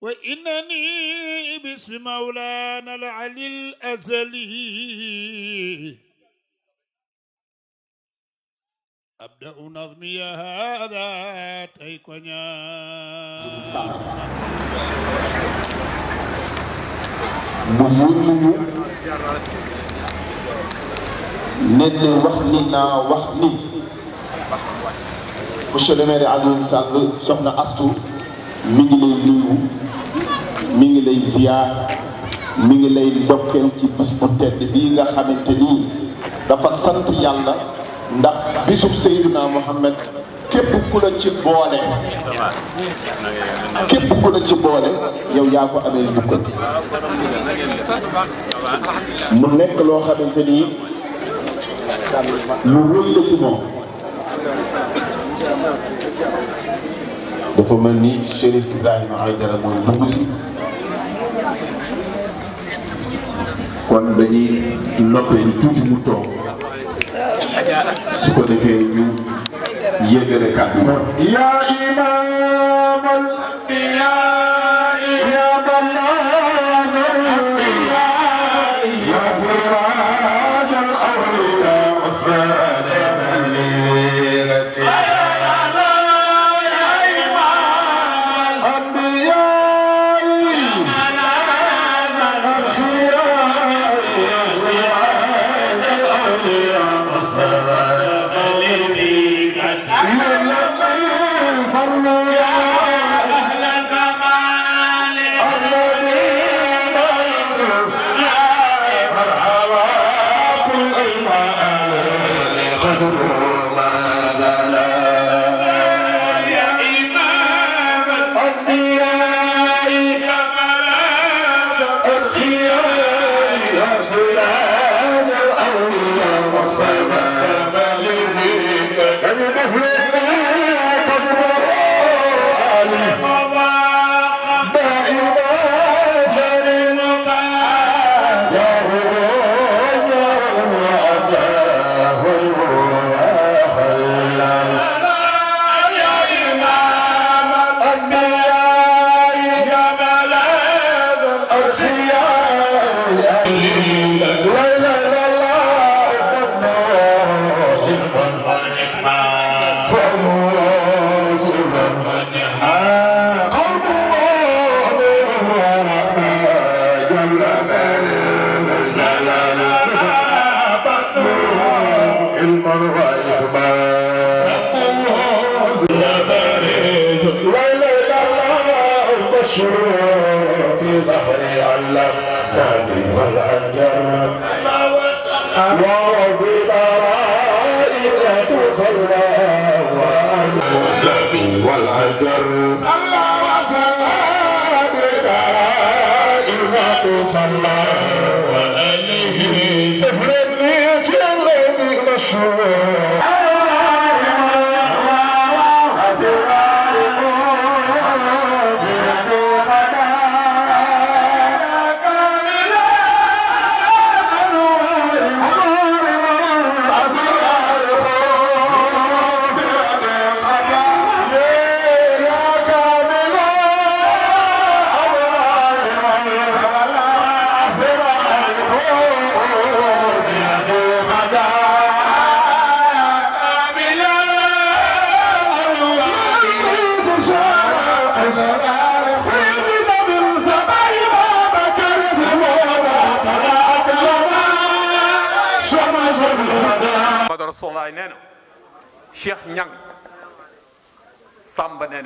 وإنني باسم مولانا العلي الأزلي أبدأ نظمي هذا تيكونيا ميونيو نلي وحنينا وحني monsieur le maire Alioune Sall soxna Astou mi ngi lay nuyu mi ngi lay ziar mi ngi lay ndokkeel ci bis bu tedd bii nga xamante nii dafa sant yàlla ndax bisu bisub Seydina Muhammad képp ku la ci boole képp ku la ci boole yow yaa ko amee njukkal mu nekk loo xamante nii lu wëy la ci moom dafa mel ni Chérif Ibrahima Aïdara mooy dugg si kon dañuy noppee ni tuuti mu toog su ko defee ñu yëgale kàddu yaa imaamal Sall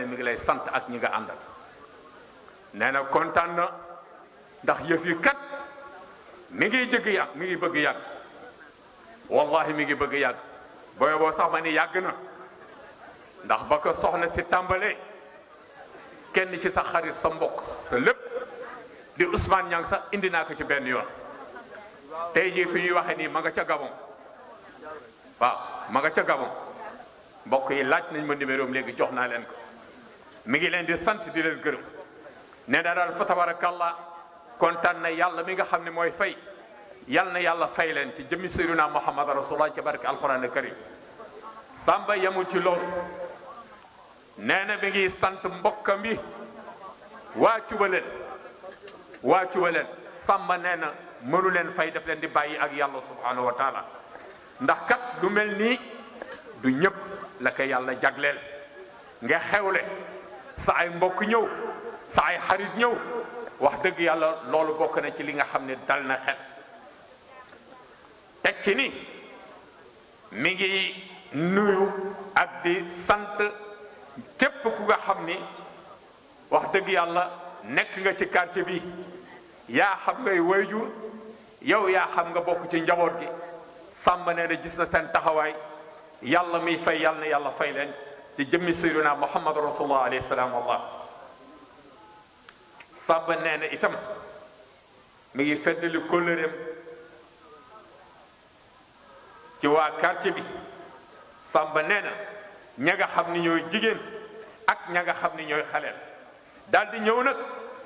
ne mi ngi lay sant ak ñi nga àndal nee na kontaan na ndax yëf yi kat mi ngi jëgg yàgg mi ngi bëgg yàgg wallahi mi ngi bëgg yàgg booy boo sax ma ni yàgg na ndax ba ko soxna si tàmbalee kenn ci sa xarit sa mbokk sa lépp di usmaan Niang sax indi naa ko ci benn yoon te jii fi ñuy waxee nii ma nga ca Gabon waaw ma nga ca Gabon mbokk yi laaj nañ ma numéro am léegi jox naa leen mi ngi leen di sant di leen gërëm nee na daal fa tabarakallah kontaan na yàlla mi nga xam ne mooy fay yal na yàlla fay leen ci jëmmi sayyidina muhammad rasulullah ci barke alquran karim sàmba yamu ci loolu nee na mi ngi sant mbokkam bi waa cubaleen waa cubaleen sàmba nee na mënu leen fay def leen di bàyyi ak yàlla subhanahu wa ndax kat du mel nii du ñëpp la yàlla jagleel nga xewle sa ay mbokk ñëw sa xarit ñëw wax dëgg yàlla loolu bokk na ci li nga xam ne dal na xel teg ci ni mi ngi nuyu ak di sant képp ku nga xam ni wax dëgg yàlla nekk nga ci quartier bi yaa xam ngay wayjur yow yaa xam nga bokk ci njaboot gi sàmba nee na gis na seen taxawaay yàlla muy fay yàlla na yàlla fay leen ci jëmmi sayyidina muhammad rasulullah alayhi salaam wallah sàbba nee na itam mi ngi feddali kóllëreem ci waa quartier bi sàmba nee na ña nga xam ni ñooy jigéen ak ña nga xam ni ñooy xaleel daldi di ñëw nag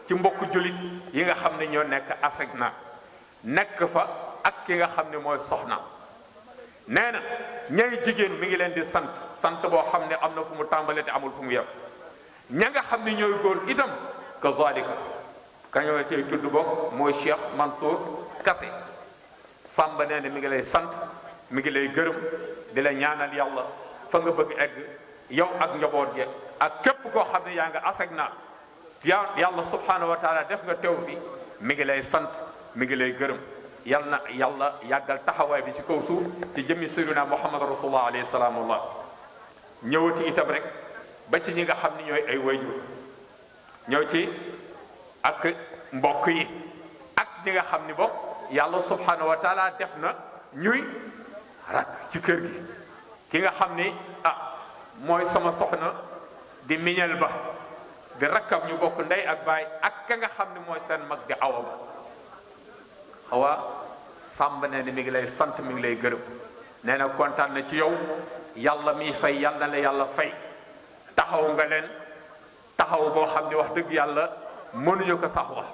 ci mbokku jullit yi nga xam ne ñoo nekk aseg na nekk fa ak ki nga xam ne mooy soxna nee na ñay jigéen mi ngi leen di sant sant boo xam ne am na fu mu tàmbalee te amul fu mu yem ña nga xam ne ñooy góor itam que zalika kañoo see tudd bokk mooy Cheikh Mansour kase Samba nee na mi ngi lay sant mi ngi lay gërëm di la ñaanal yàlla fa nga bëgg egg yow ak njaboot je ak képp ko xam ne yaa nga aseg naa yàlla subhanahu wa def nga teew fi mi ngi lay sant mi ngi lay gërëm yal na yàlla yàggal taxawaay bi ci kaw suuf ci jëmmi sayyidina muhammad rasulullah alayhi salaamullah ñëwati itam rek ba ci ñi nga xam ni ñooy ay wayjur ñëw ci ak mbokk yi ak ñi nga xam ni bokk yàlla subhanahu wa def na ñuy rak ci kër gi ki nga xam ni ah mooy sama soxna di miñal ba di rakkam ñu bokk ndey ak baay ak ka nga xam ni mooy seen mag di awa awa sàmb ne ni mi ngi lay sant mi ngi lay gërëm nee na kontaan na ci yow yàlla miy fay yal na la yàlla fay taxaw nga leen taxaw boo xam ne wax dëgg yàlla mënuñu ko sax wax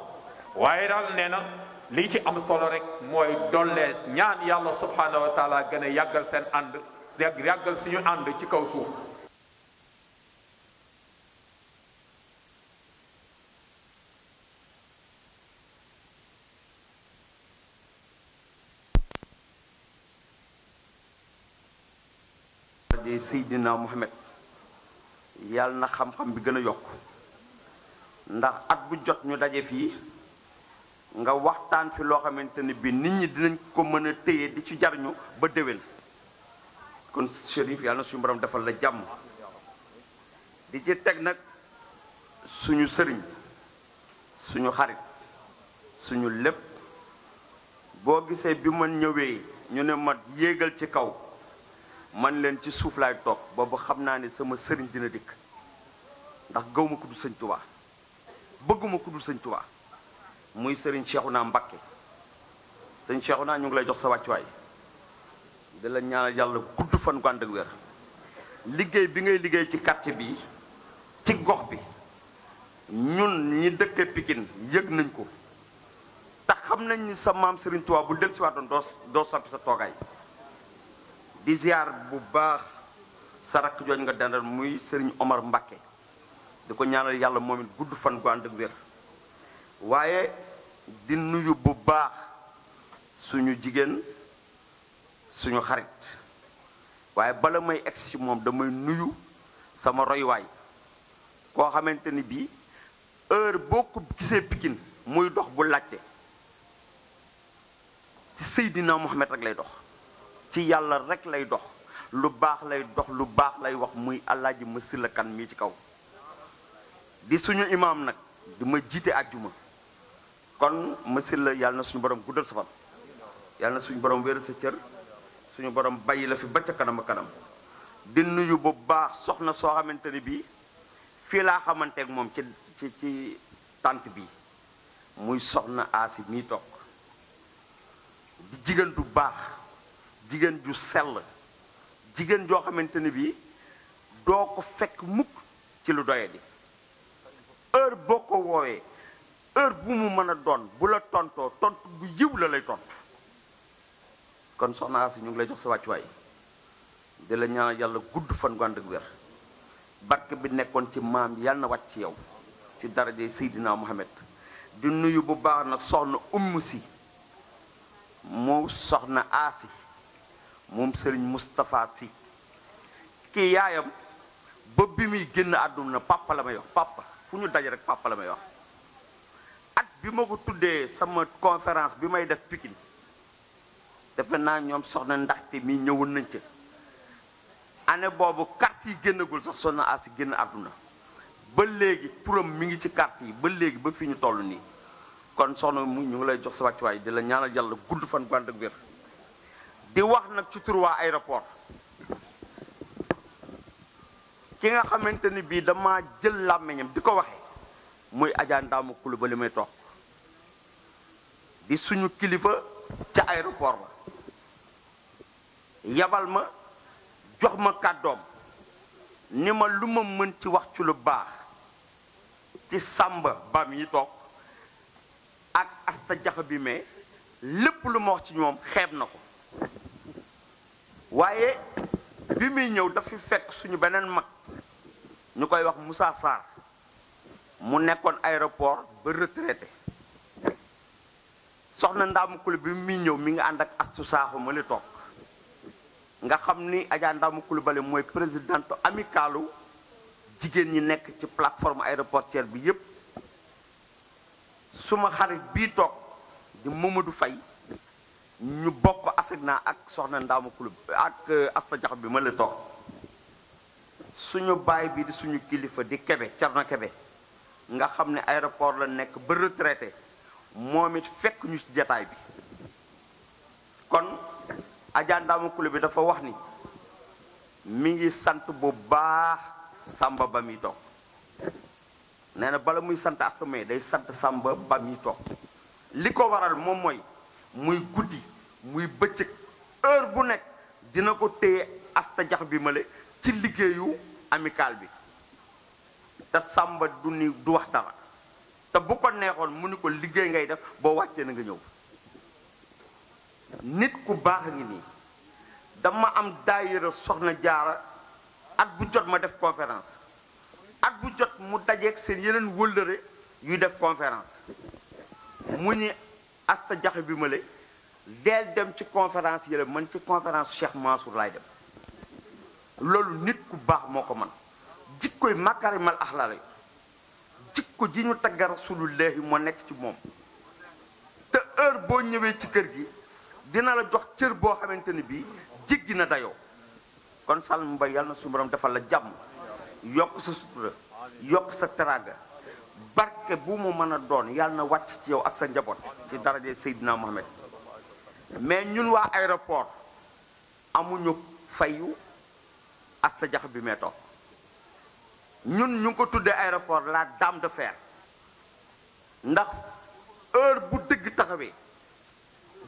waaye daal nee na lii ci am solo rek mooy dollee ñaan yàlla subhaanahu wa gën a yàggal seen ànd yàgg yàggal suñu ànd ci kaw suuf Seydina Muhammad yàlla na xam-xam bi gën a yokk ndax at bu jot ñu daje fii nga waxtaan fi loo xamante ne bi nit ñi dinañ ko mën a téye di ci jariñu ba déwén kon Chérif yàlla na suñu borom defal la jàmm di ci teg nag suñu sëriñ suñu xarit suñu lépp boo gisee bi mën ñëwee ñu ne ma yéegal ci kaw man leen ci suuf laay toog boobu xam naa ne sama sëriñ dina dikk ndax gaw kudd ku sëñ tubaa bëgguma ku dul sëñ tubaa muy sëriñ naa Mbacké sëñ naa ñu ngi lay jox sa wàccuwaay di ñaar ñaanal yàlla gudd fan gu ànd ak liggéey bi ngay liggéey ci quartier bi ci gox bi ñun ñi dëkkee Pikine yëg nañ ko te xam nañ ni sa maam sëriñ tubaa bu del siwaatoon doo doo soppi sa toogaay di ziar bu baax sa rakk jooju nga dendal muy Serigne Omar Mbakke di ko ñaanal yàlla moom it gudd fan gu ànd ak wér waaye di nuyu bu baax suñu jigéen suñu xarit waaye bala may egg si moom damay nuyu sama royuwaay koo xamante ni bii heure boo ko gisee Pikine muy dox bu laajte ci dina Mohamed rek lay dox. ci yàlla rek lay dox lu baax lay dox lu baax lay wax muy alaaji ma silla kan mii ci kaw di suñu imaam nag di ma jiite àjjuma kon ma silla yàlla na suñu borom guddal sa fan yàlla na suñu borom wéeru sa cër suñu borom bàyyi la fi ba ca kanam kanam di nuyu bu baax soxna soo xamante ni bii fii laa xamanteeg moom ci ci tànt bi muy soxna aasi mii toog di jigéen du baax jigéen ju sell jigéen joo xamante ni bii doo ko fekk mukk ci lu doye di heure boo ko woowee heure bu mu mën a doon bu la tontoo tontu bu yiw la lay tontu kon soxna si ñu ngi lay jox sa wàccuwaay di la ñaanal yàlla gudd fan gu ànd ak wér bi nekkoon ci maam yàlla na wàcc ci yow ci dara daraje Seydina Muhammad di nuyu bu baax nag soxna umm si mu soxna asi moom Serigne Moustapha Sy kii yaayam ba bi muy génn àdduna papa la may wax papa fu ñu daj rek papa la may wax at bi ma ko tuddee sama conférence bi may def Pikine defe naa ñoom soxna ndaxte mi ñëwoon nañ ca année boobu carte yi génnagul sax soxna asi génn àdduna ba léegi turam mi ngi ci carte yi ba léegi ba fi ñu toll nii kon soxna mu ñu ngi lay jox sa wàccuwaay di la ñaanal yàlla gudd fan gu ànd di wax nag ci tur waa aéroport ki nga xamante ni bii dama jël làmmiñam di ko waxee muy Adja Ndaamu li may toog di suñu kilifa ca aéroport ba yabal ma jox ma kàddoom ni ma lu ma mën ci wax ci lu baax ci sàmba bam yi toog ak asta jaxa bi mais lépp lu ma wax ci ñoom xeeb na ko waaye bi muy ñëw dafa fekk suñu beneen mag ñu koy wax Moussa Sarr mu nekkoon aéroport ba retraité soxna Ndaamu Kule bi muy ñëw mi ngi ànd ak astu saaxu ma li toog nga xam ni Adja Ndaamu Coulibaly mooy présidente amicalu jigéen ñi nekk ci plateforme aéroportière bi yépp suma xarit bi toog di Mamadou Faye ñu bokk asigna ak soxna ndaamu kulub ak euh, asta bi ma la toog suñu baay bii di suñu kilifa di kebe Cerno kebe nga xam ne aéroport la nekk ba retraité moom it fekk ñu ci jataay bi kon ajaa ndaamu kulub bi dafa wax ni mi ngi sant bu baax sàmba ba muy toog nee na bala muy sant asamaye day sant sàmba ba muy toog li ko waral moom mooy muy guddi muy bëccëg heure bu nekk dina ko téye asta jax bi male ci liggéeyu amical bi te sàmba du ni du wax te bu ko neexoon mu ni ko liggéey ngay def boo wàccee na nga ñëw nit ku baax a ngi nii dama am daayira soxna jaara at bu jot ma def conférence at bu jot mu dajeeg seen yeneen wëllëre yuy def conférence mu ni asta jax bi male deel dem ci conférence yële man ci conférence Cheikh Mansour laay dem loolu nit ku baax moo ko man jikkoy makarimal axla la ko ji ñu tagga rasulullahi moo nekk ci moom te heure boo ñëwee ci kër gi dina la jox cër boo xamante ni bii jéggi na dayoo kon Saloum Mbaye yal na suñu borom defal la jàmm yokk sa sutura yokk sa teraanga barke bu mu mën a doon yàlla na wàcc ci yow ak sa njaboot ci daraje Seydina Mohamed mais ñun waa aéroport amuñu fayu asta jax bi mee ñun ñu ngi ko tuddee aéroport laa dame de fer ndax heure bu dëgg taxawee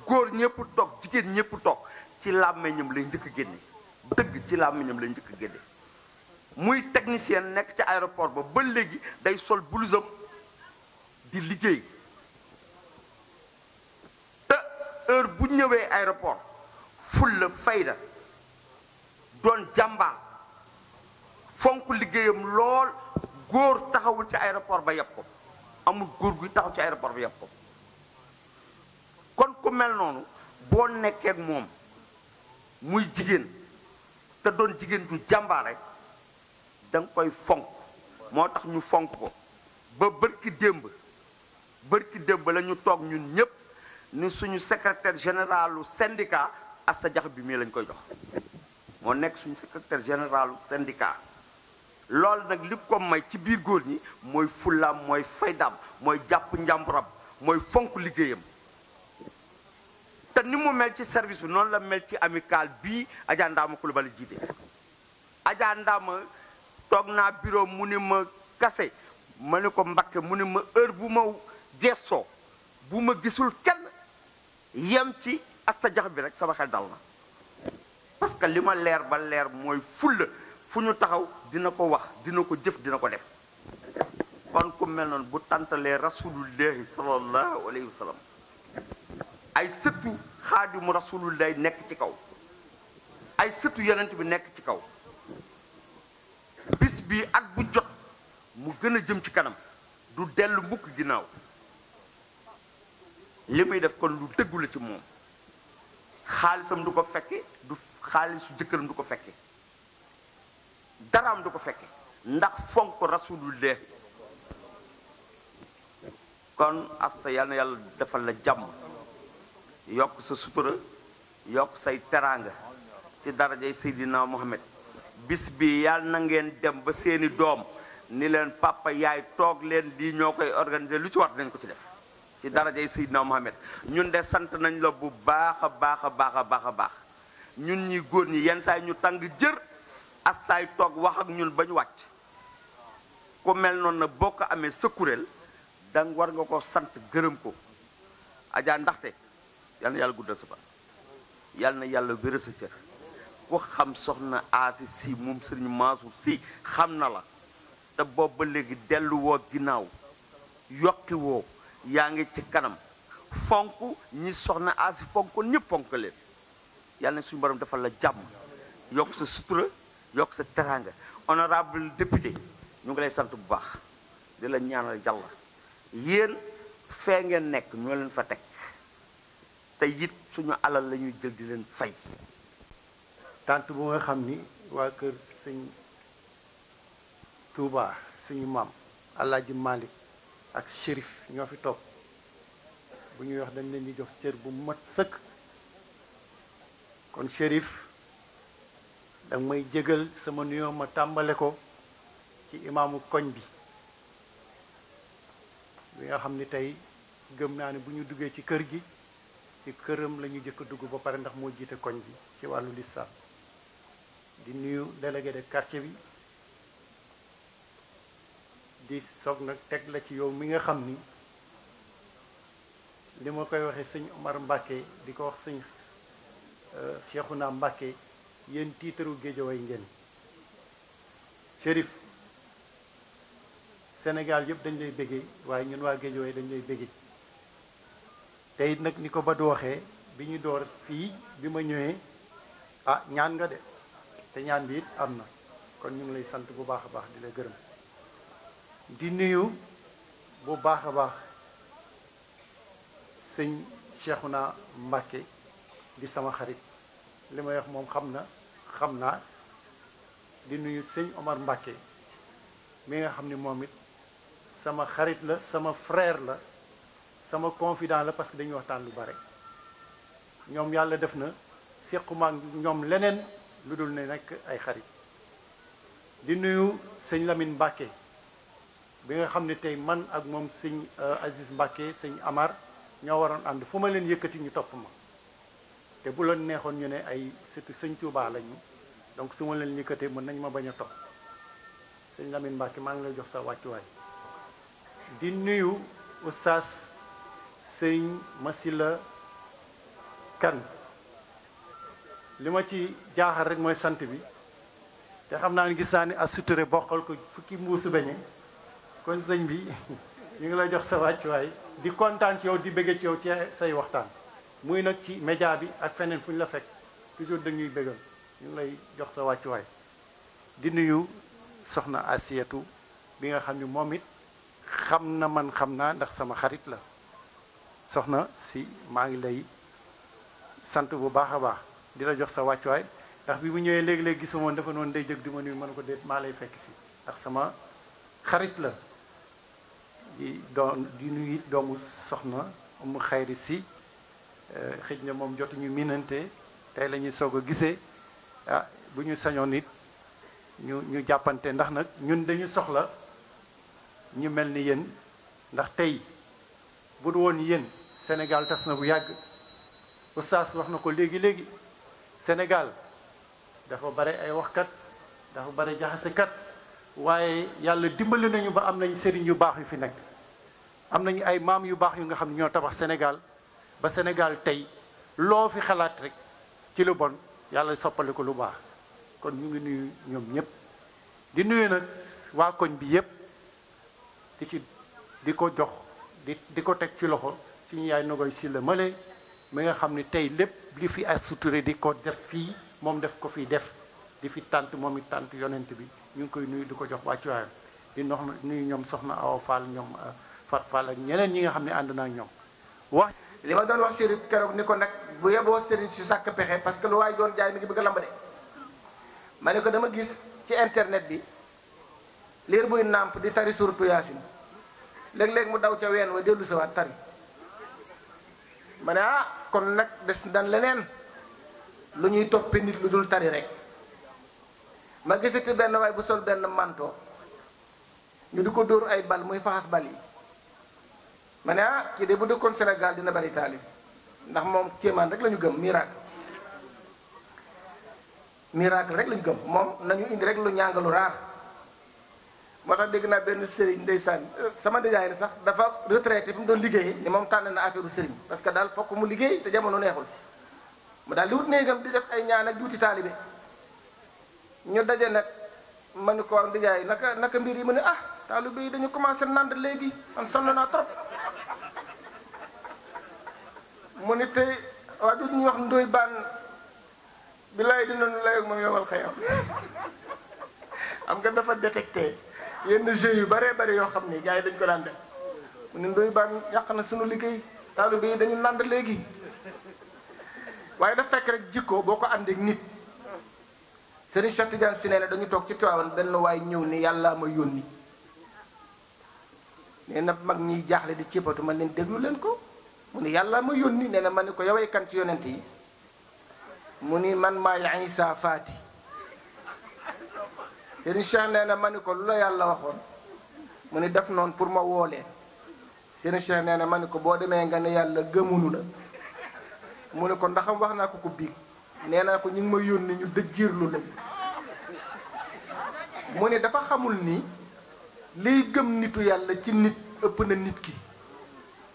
góor ñëpp toog jigéen ñëpp toog ci làmmiñam lay njëkk génne dëgg ci làmmiñam lay njëkk génne muy technicien nekk ci aéroport ba ba léegi day sol blouse di liggéey heure bu ñëwee aéroport fulla fayda doon jàmbaar fonk liggéeyam lool góor taxawul ci aéroport ba yeb ko amul góor guy taxaw ci aéroport ba yàpp ko kon ku mel noonu boo nekkee moom muy jigéen te doon jigéen ju jàmbaare da koy fonk moo tax ñu fonk ko ba bërki démb bërki démb la ñu toog ñun ñépp ni suñu secrétaire généralu syndicat Assa Jax bi mii lañ koy jox moo nekk suñu secrétaire généralu syndicat loolu nag li ko may ci biir góor ñi mooy fullaam mooy faydam mooy jàpp njàmburam mooy fonk liggéeyam te ni mu mel ci service bi noonu la mel ci amical bii Adja Ndama Coulibaly jiite Adja toog naa bureau mu ni ma kase ma ni ko mbakke mu ni ma heure bu ma gestoo bu ma gisul kenn yem ci asta jax bi rek sama xel dal na parce que li ma leer ba leer mooy fulla fu ñu taxaw dina ko wax dina ko jëf dina ko def kon ko mel noonu bu tàntalee rasulullahi sallallahu alayhi wa sallam ay sëtu xaadimu rasulullahi nekk ci kaw ay sëtu yenent bi nekk ci kaw bis bi at bu jot mu gën a jëm ci kanam du dellu mukk ginnaaw li muy def kon lu dëggu la ci moom xaalisam du ko fekke du xaalisu jëkkëram du ko fekke daraam du ko fekke ndax fonk rasulullah kon asta yal na yàlla defal la jàmm yokk sa sutura yokk say teraanga ci darajay Seydina Muhammad bis bi yàlla na ngeen dem ba seeni doom ni leen papa yaay toog leen lii ñoo koy organiser lu ci wax nañ ko ci def ci darajay Seydina Mohamed ñun de sant nañ la bu baax a baax a baax a baax a baax ñun ñi góor ñi yenn saay ñu tàng jër asaay toog wax ak ñun ba ñu wàcc ku mel noon na boo ko amee sa kuréel da war nga ko sant gërëm ko ajaa ndaxte yal na yàlla guddal sa fan yal na yàlla wéra sa cër ku xam soxna aasi si moom sëriñ Mansour si xam na la te boobu ba léegi delluwoo ginnaaw yokki yaa ngi ci kanam fonk ñi soxna asi fonk ñëpp fonk leen yàlla na suñu borom dafa la jàmm yokk sa sutura yokk sa teraanga honorable député ñu ngi lay sant bu baax di la ñaanal yàlla yéen fee ngeen nekk ñoo leen fa teg te it suñu alal lañuy jël di leen fay tant bu nga xam ni waa kër sëñ Touba suñu maam Alaaji Malick ak shérif ñoo fi toog bu ñuy wax dañ leen di jox cër bu mat sëkk kon shérif danga may jégal sama nuyoo ma tàmbale ko ci imaamu koñ bi bi nga xam ni tey gëm naa ne bu ñu duggee ci kër gi ci këram la jëkk a dugg ba pare ndax moo jiite koñ bi ci wàllu lislaam di nuyu délégué de quartier bi di soog nag teg la ci yow mi nga xam ni li ma koy waxee sëñ Omar Mbàkke di ko wax sëñ euh, Cheikhouna Mbàkke yéen tiitaru Géejawaay ngeen Chérif Sénégal yëpp dañ lay bëggee waaye ñun waa Géejawaay dañ lay bëggee tey nag ni ko ba du waxee bi ñu door fii bi ma ñëwee ah ñaan nga de te ñaan bi it am na kon ñu ngi lay sant bu baax a baax di la gërëm di nuyu bu baax a baax sëñ Cheikhouna Mbacké di sama xarit li ma yox moom xam na xam naa di nuyu sëñ Omar Mbacké mi nga xam ni moom it sama xarit la sama freer la sama confident la parce que dañuy waxtaan lu bare ñoom yàlla def na séquma ak ñoom leneen lu dul ne nekk ay xarit di nuyu sëñ Lamine Mbacké bi nga xam ne tey man ak moom sëñ euh, Aziz Mbacke sëñ Amar ñoo waroon ànd fu ma leen yëkkati ñu topp ma te bu la neexoon ñu ne ay surtout sëñ Touba lañu donc su ma leen yëkkatee mën nañ ma bañ a topp sëñ Lamine Mbacke maa ngi lay jox sa wàccuwaay di nuyu oustaz sëñ la Kan li ma ci jaaxal rek mooy sant bi te xam naa ne gis naa ne as suturé bokkal ko fukki mbuusu beñe kon sëñ bi ñu ngi lay jox sa wàccuwaay di kontaan ci yow di bëgg ci yow ci say waxtaan muy nag ci média bi ak feneen fu ñu la fekk toujours dañuy bëggal ñu ngi lay jox sa wàccuwaay di nuyu soxna Asiyatu bi nga xam ni moom it xam na man xam naa ndax sama xarit la soxna si maa ngi lay sant bu baax a baax di la jox sa wàccuwaay ndax bi mu ñëwee léegi-léegi gisuma woon dafa noonu day jëg di ma man mën ko déet maa lay fekk si ndax sama xarit la di doon doomu soxna mu xayri si eh, xëj na moom jotuñu minante tey la ñuy soog a gisee ah bu ñu sañoon it ñu jàppante ndax nag ñun dañu soxla ñu mel ni yéen ndax tey bu du woon yéen Sénégal tas na bu yàgg sas wax na ko léegi léegi Sénégal dafa bare ay waxkat dafa bare jaxasekat waaye yàlla dimbali nañu ba am nañ sëriñ yu baax yu fi nekk am nañu ay maam yu baax yu nga xam ne ñoo tabax Sénégal ba Sénégal tey loo fi xalaat rek ci lu bon yàlla soppali ko lu baax kon ñu ngi nuyu ñoom ñëpp di nuyu nag waa koñ bi yëpp di ci di ko jox di di ko teg ci loxo suñu yaay nogoy si la male mi nga xam ne tey lépp li fi ay suturé di ko def fii moom def ko fii def di fi tànt moom it tànt yonent bi ñu ngi koy nuyu di ko jox wàccuwaayam di nox nuyu ñoom soxna Awa Fall ñoom euh, Fat Fall ak ñeneen ñi nga xam ne ànd naa ñoom wax li ma doon wax Chérif keroog ni ko nag bu yeboo Serigne si sàkk pexe parce que lu waay doon jaay mi ngi bëgg a lamb de ma ne ko dama gis ci internet bi liir buy nàmp di tari suratu yaasin léeg-léeg mu daw ca ween wa dellu si waat tari ma ne ah kon nag des dan leneen lu ñuy toppe nit lu dul tari rek ma gisati benn waay bu sol benn manto ñu di ko dóor ay bal muy faxas bal yi ma ne ah kii de bu dëkkoon Sénégal dina bari taalif ndax moom kéemaan rek lañu gëm miracle miracle rek la ñu gëm moom nañu indi rek lu ñàng lu raar moo tax dégg naa benn sëriñ ndeysaan sama nijaay ne sax dafa retraité fi mu doon liggéey ni moom tànn na affaire sëriñ parce que daal fokk mu liggéey te jamono neexul mu daal di wut néegam di def ay ñaan ak di wuti taalibe ñu daje nag ma ne ko waaw ndijaay naka naka mbir yi mu ne ah taalibe yi dañu commencé nand léegi man sonn naa trop mu ne te waa du ñuy wax ndoy baan bilaay dinañu lay ak moom yomal xayam nga dafa détecté yenn jeux yu baree bari yoo xam ni gars yi dañ ko daan dem mu ne ndoy baan yàq na sunu liggéey taalibe yi dañu nand léegi waaye daf fekk rek jikko boo ko àndeek nit Serigne Cheikh Tidiane si nee dañu toog ci Tiwaawan benn waay ñëw ni yàlla ma yónni nee na mag ñiy jaaxle di cibatu man leen déglu leen ko mu yàlla ma yónni nee na ma ne ko yoway kan ci yonent yi mu ni man maay Isa Faati Serigne Cheikh nee na ma ne ko lu la yàlla waxoon mu ni def noonu pour ma woolee Serigne Cheikh nee na ma ne ko boo demee nga ne yàlla gëmunu la mu ne ko ndaxam wax naa ko ko biig nee naa ko ñu ngi ma yónni ñu dëjjiirlu lañ mu ni dafa xamul nii liy gëm nitu yàlla ci nit ëpp na nit ki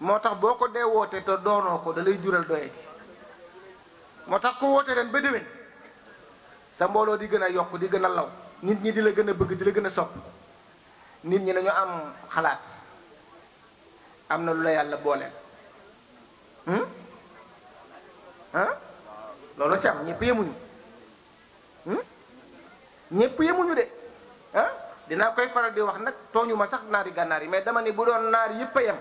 moo tax boo ko dee woote te doonoo ko da lay jural doyati moo tax ko woote ren ba déwén sa mbooloo di gën a yokk di gën a law nit ñi di la gën a bëgg di la gën a sopp nit ñi dañu am xalaat am na lu la yàlla booleel ah loolu ci am ñëpp yemuñu hmm? ñëpp yemuñu de ah dinaa koy faral di wax nag tooñu ma sax naari gànnaar yi mais dama ne bu doon naar yëpp a yem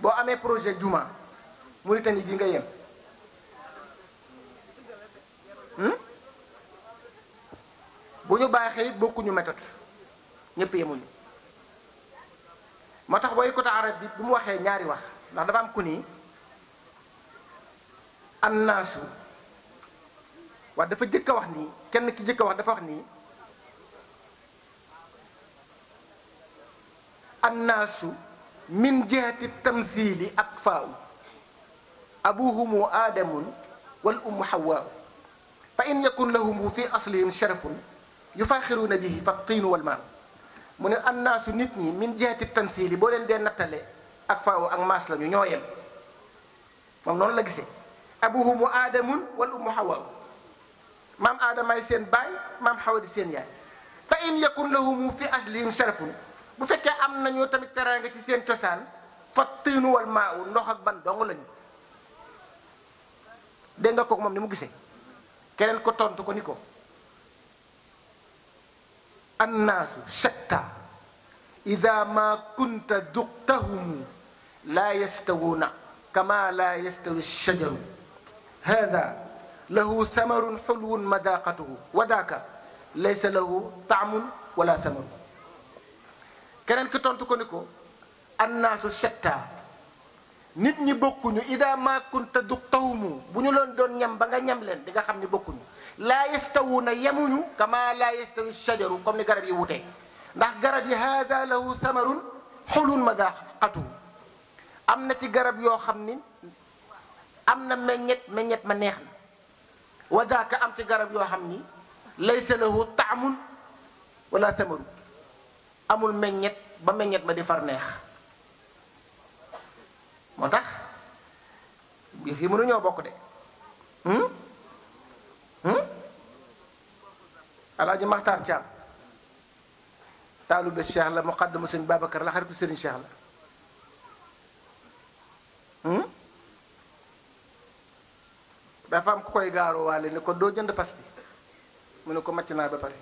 boo amee projet juma Mauritanie gi nga yem hmm? bu ñu baaxee bokkuñu méthode ñëpp yemuñu moo tax boycott arab bi bu mu waxee ñaari wax ndax dafa am ku nii annaasu waa dafa jëkk a wax nii kenn ki jëkk a wax dafa wax nii annaasu min jihati tamthili ak faaw abuhumu aadamun wal ummu xawaa fa in yakun lahumu fi aslihim sharafun yufaaxiruuna bihi fa tiinu wal maan mu ne annaasu nit ñi min jihati tamthili boo leen dee nattale ak faaw ak maas lañu ñu ñoo yem moom noonu la gisee abuhumu aadamun wal ummu xawaa maam aadamay seen baay maam xawa di seen yaay fa in yakun lahumu fi aslihim sharafun bu fekkee am nañu tamit teraanga ci seen cosaan fa tiinu maaw ndox ak ban dong lañu dégg nga kooku moom ni mu gisee keneen ko tontu ko ni ko annaasu shatta ida ma kunta duqtahumu laa yastawuna kama laa yastawi shajaru hada lahu samarun xulwun madaqatuhu wa daaka laysa lahu taamun wala samaru keneen ki tontu ko ni ko annaasu shatta nit ñi bokkuñu ida ma kunta duqtawumu bu ñu loon doon ñam ba nga ñam leen di nga xam ni bokkuñu laa yastawuuna yemuñu kama laa yastawi shajaru comme ni garab yi wutee ndax garab yi haada lahu samarun xulun madaqatuhu am na ci garab yoo xam ni am na meññet meññet ma neex na wadaaka am ci garab yoo xam ni laysa lahu taamun wala tamaru amul meññet ba meññet ma di far neex moo tax yëf yi mënuñoo bokk de hmm? Hmm? alaaji maxtaar caam taalu ba cheikh la muqaddamu sëñ babacar la xaritu sëriñ cheikh la hmm? dafa am ku koy gaaroo waale ne ko doo jënd pasti mu ne ko màcc naa ba pare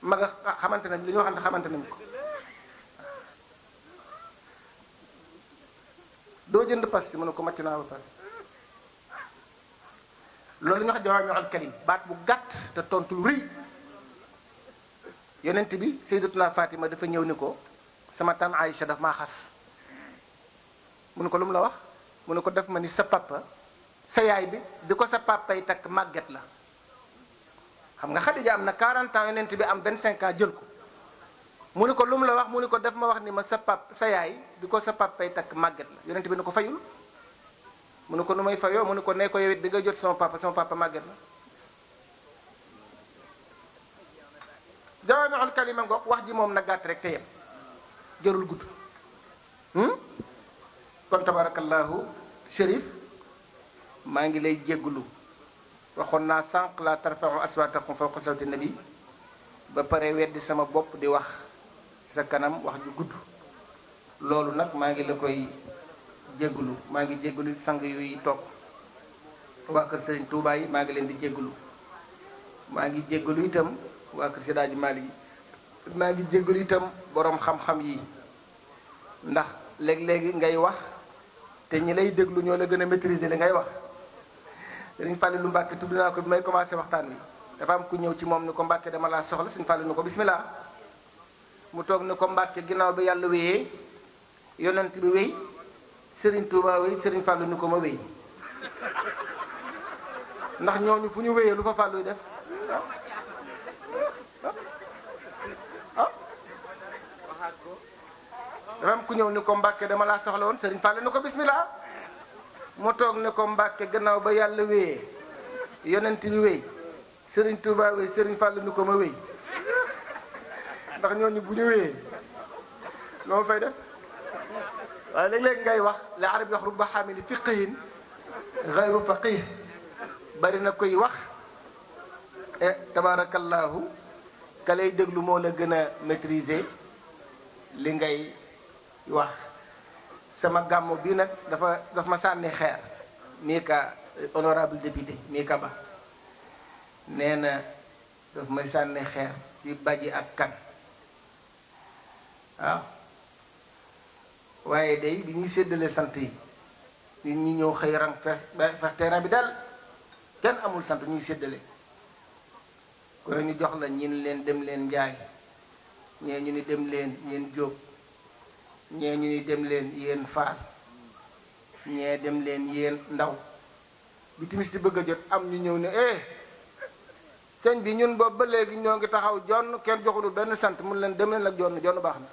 ma nga xamante nañ li ñu waxante xamante nañ ko doo jënd pasti mu ne ko màcc naa ba pare loolu ñu wax jawaami'ul kalim baat bu gàtt te tontu rëy yonent bi sayyidatuna Fatima dafa ñëw ni ko sama tan Aïcha daf maa xas mu ne ko lu mu la wax mu ne ko def ma ni sa papa sa yaay bi bi ko sa papa yi takk màgget la xam nga Xadija am na 40 ans yonent bi am 25 ans jël ko mu ne ko lu mu la wax mu ne ko def ma wax ni ma sa pap sa yaay bi ko sa papa yi takk màgget la yonent bi ne ko fayul mu ne ko nu may fayoo mu ne ko nee ko yow it di nga jot sama papa sama papa màgget la jawaamiul kalima ngoog wax ji moom na gàtt rek te yem jarul gudd hmm? kon tabarakallahu shérif maa ngi lay jégglu waxoon naa sànq la tarfa'u aswaatakum fawqa sawti nabi ba pare weddi sama bopp di wax sa kanam wax ju gudd loolu nag maa ngi la koy jégglu maa ngi jégglu sang yuy toog waa kër Serigne Touba maa ngi leen di jégglu maa ngi jégglu itam waa kër Sidaaji Maalik yi maa ngi jégglu itam boroom xam-xam yi ndax léeg-léegi ngay wax te ñi lay déglu ñoo la gën a maîtriser li ngay wax Sëriñ Fàllilu Mbàkke tudd naa ko bi may commencé waxtaan wi dafa am ku ñëw ci moom ni ko Mbàkke dama laa soxla Sëriñ Fàllilu ni ko bismillah mu toog ni ko Mbàkke ginnaaw bi yàlla wéyee yonent bi wéy Sëriñ Tuubaa wéy Sëriñ Fàllu ni ko ma wéy ndax ñooñu fu ñu wéyee lu fa Fàlluy def dafa ku ñëw ni ko Mbàkke dama laa soxla woon sëriñ Fallou ni ko bismillah mu toog ni ko Mbàkke gannaaw ba yàlla wéyee yonent bi wéy Serigne Touba wéy Serigne Fallou ni ko ma wéy ndax ñooñu bu ñu wéyee loolu fay def waaye léeg-léeg ngay wax la arab wax rubba xaamili fiqihin gayru faqih bari na koy wax e eh, tabaarakallaahu ka lay déglu moo la gën a maitrise li ngay wax sama gàmmu bi nag dafa dafa ma sànni xeer mii ka honorable député mii ka ba nee na dafa may sànni xeer ci baji ak kan waaw waaye day bi ñuy séddale sant yi ñun ñëw xëy rang fees fees terrain bi dal kenn amul sant ñuy séddale kon ñu jox la ñin leen dem leen njaay ñee ñu ni dem leen ñeen jóob ñee ñu ni dem leen yeen faal ñee dem leen yéen ndaw bi timis di bëgg a jot am ñu ñëw ne eh bi ñun boobu ba léegi ñoo ngi taxaw jonn kenn joxunu benn sant mun leen dem leen ak jonn jonn baax na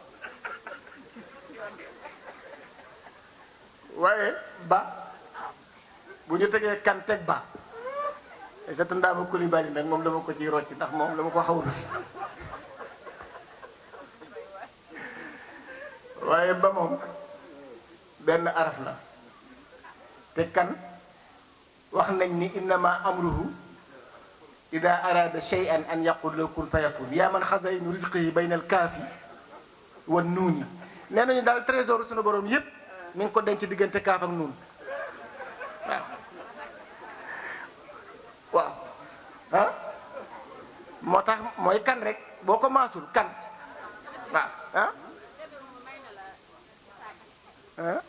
waaye ba bu ñu tegee kan teg ba sa tandaama Kulibali nag moom dama ko ciy rocc ndax moom ma ko xaw a rus waaye ba moom benn araf la te kan wax nañ ni inna innama amruhu ida arada shay'an an yaqul la kun fa yakun yaa man xazaynu risqihi bayna al kaafi wan nuuni nee nañu daal trésor suñu borom yépp mi ngi ko denc diggante kaaf ak nuun waaw waaw ah moo tax mooy kan rek boo ko maasul kan waaw ah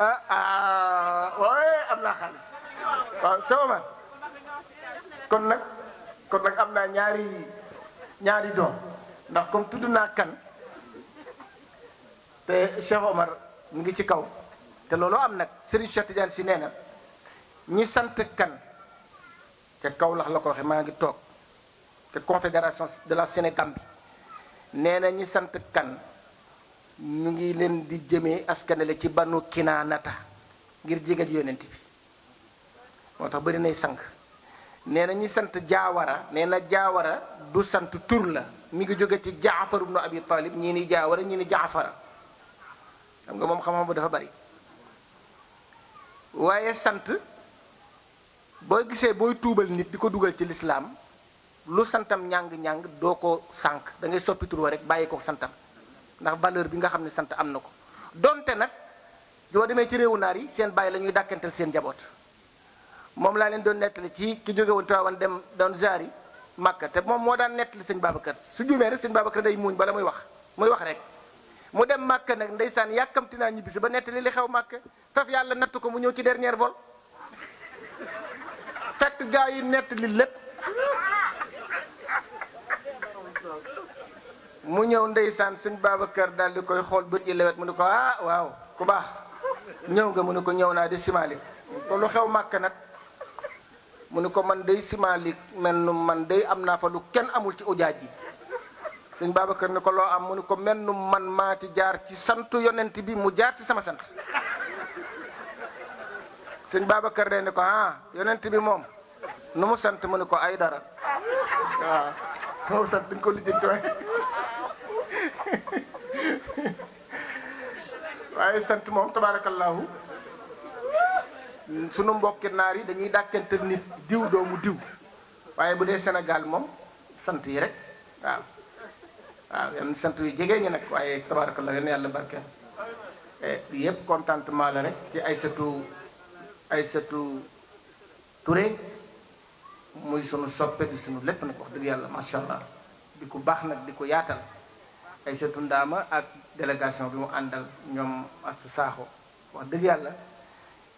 ah waaye am naa xaalis waaw sama man kon nag kon nag am naa ñaari ñaari doom ndax comme tudd naa kan te Cheikh Omar mu ngi ci kaw te loolu am nag Serigne Cheikh Tidiane si nee na ñi sant kan ke kaw lax la ko waxee maa ngi toog te confédération de la Sénégambie nee na ñi sant kan. ñu ngi leen di jëmee askanale ci banu kinaanata ngir jege ji yonent bi moo tax bari nay sang nee na ñi sant jaawara nee na jaawara du sant tur la mi ngi jóge ci jaafar ibnu abi talib ñii ni jaawara ñii ni jaafara xam nga moom xam-xam ba dafa bari waaye sant boo gisee booy tuubal nit di ko dugal ci lislaam lu santam ñàng-ñàng doo ko sànq dangay ngay soppi tur wa rek bàyyi ko santam ndax valeur bi nga xam ne sant am na ko donte nag yoo demee ci réewu naar yi seen bàyyi la ñuy dàkkantal seen jaboot moom laa leen doon nettali ci ki jóge woon Tiwaawan dem doon jaari Màkka te moom moo daan nettali sëñ Babacar su juumee rek sëñ Babacar day muuñ bala muy wax muy wax rek mu dem màkk nag ndeysaan yàkkamti naa ñibbisi ba nettali li xew Màkka faf yàlla natt ko mu ñëw ci dernier vol fekk gaa yi nettali lépp mu ñëw ndeysaan sëñ Babacar daal di koy xool bët yi lewet mu ne ko ah waaw ku baax ñëw nga mu ne ko ñëw naa di simaalik ko lu xew màkk nag mu ne ko man day simaalik mel nu man day am naa kenn amul ci ujaaj yi sëñ Babacar ni ko loo am mu ne ko mel nu man maati jaar ci santu yonent bi mu jaar ci sama sant sëñ Babacar day ne ko ah yonent bi moom nu mu sant mu ne ko ay dara waaw sant dañ ko lijjanti waaye waaye sant moom tabaarakallaahu sunu mbokki naar yi dañuy dàkkantal nit diw doomu diw waaye bu dee Sénégal moom sant yi rek waaw waaw yan sant yu jege ñu nag waaye tabaarakallaahu yéen yàlla barkeel eh, yëpp contentement la rek ci ay ay Aysatu Touré muy sunu soppe di sunu lépp nag wax dëgg yàlla macha allah di ko baax nag di ko yaatal ay sa tundaama ak délégation bi mu àndal ñoom astu saaxo wax dëgg yàlla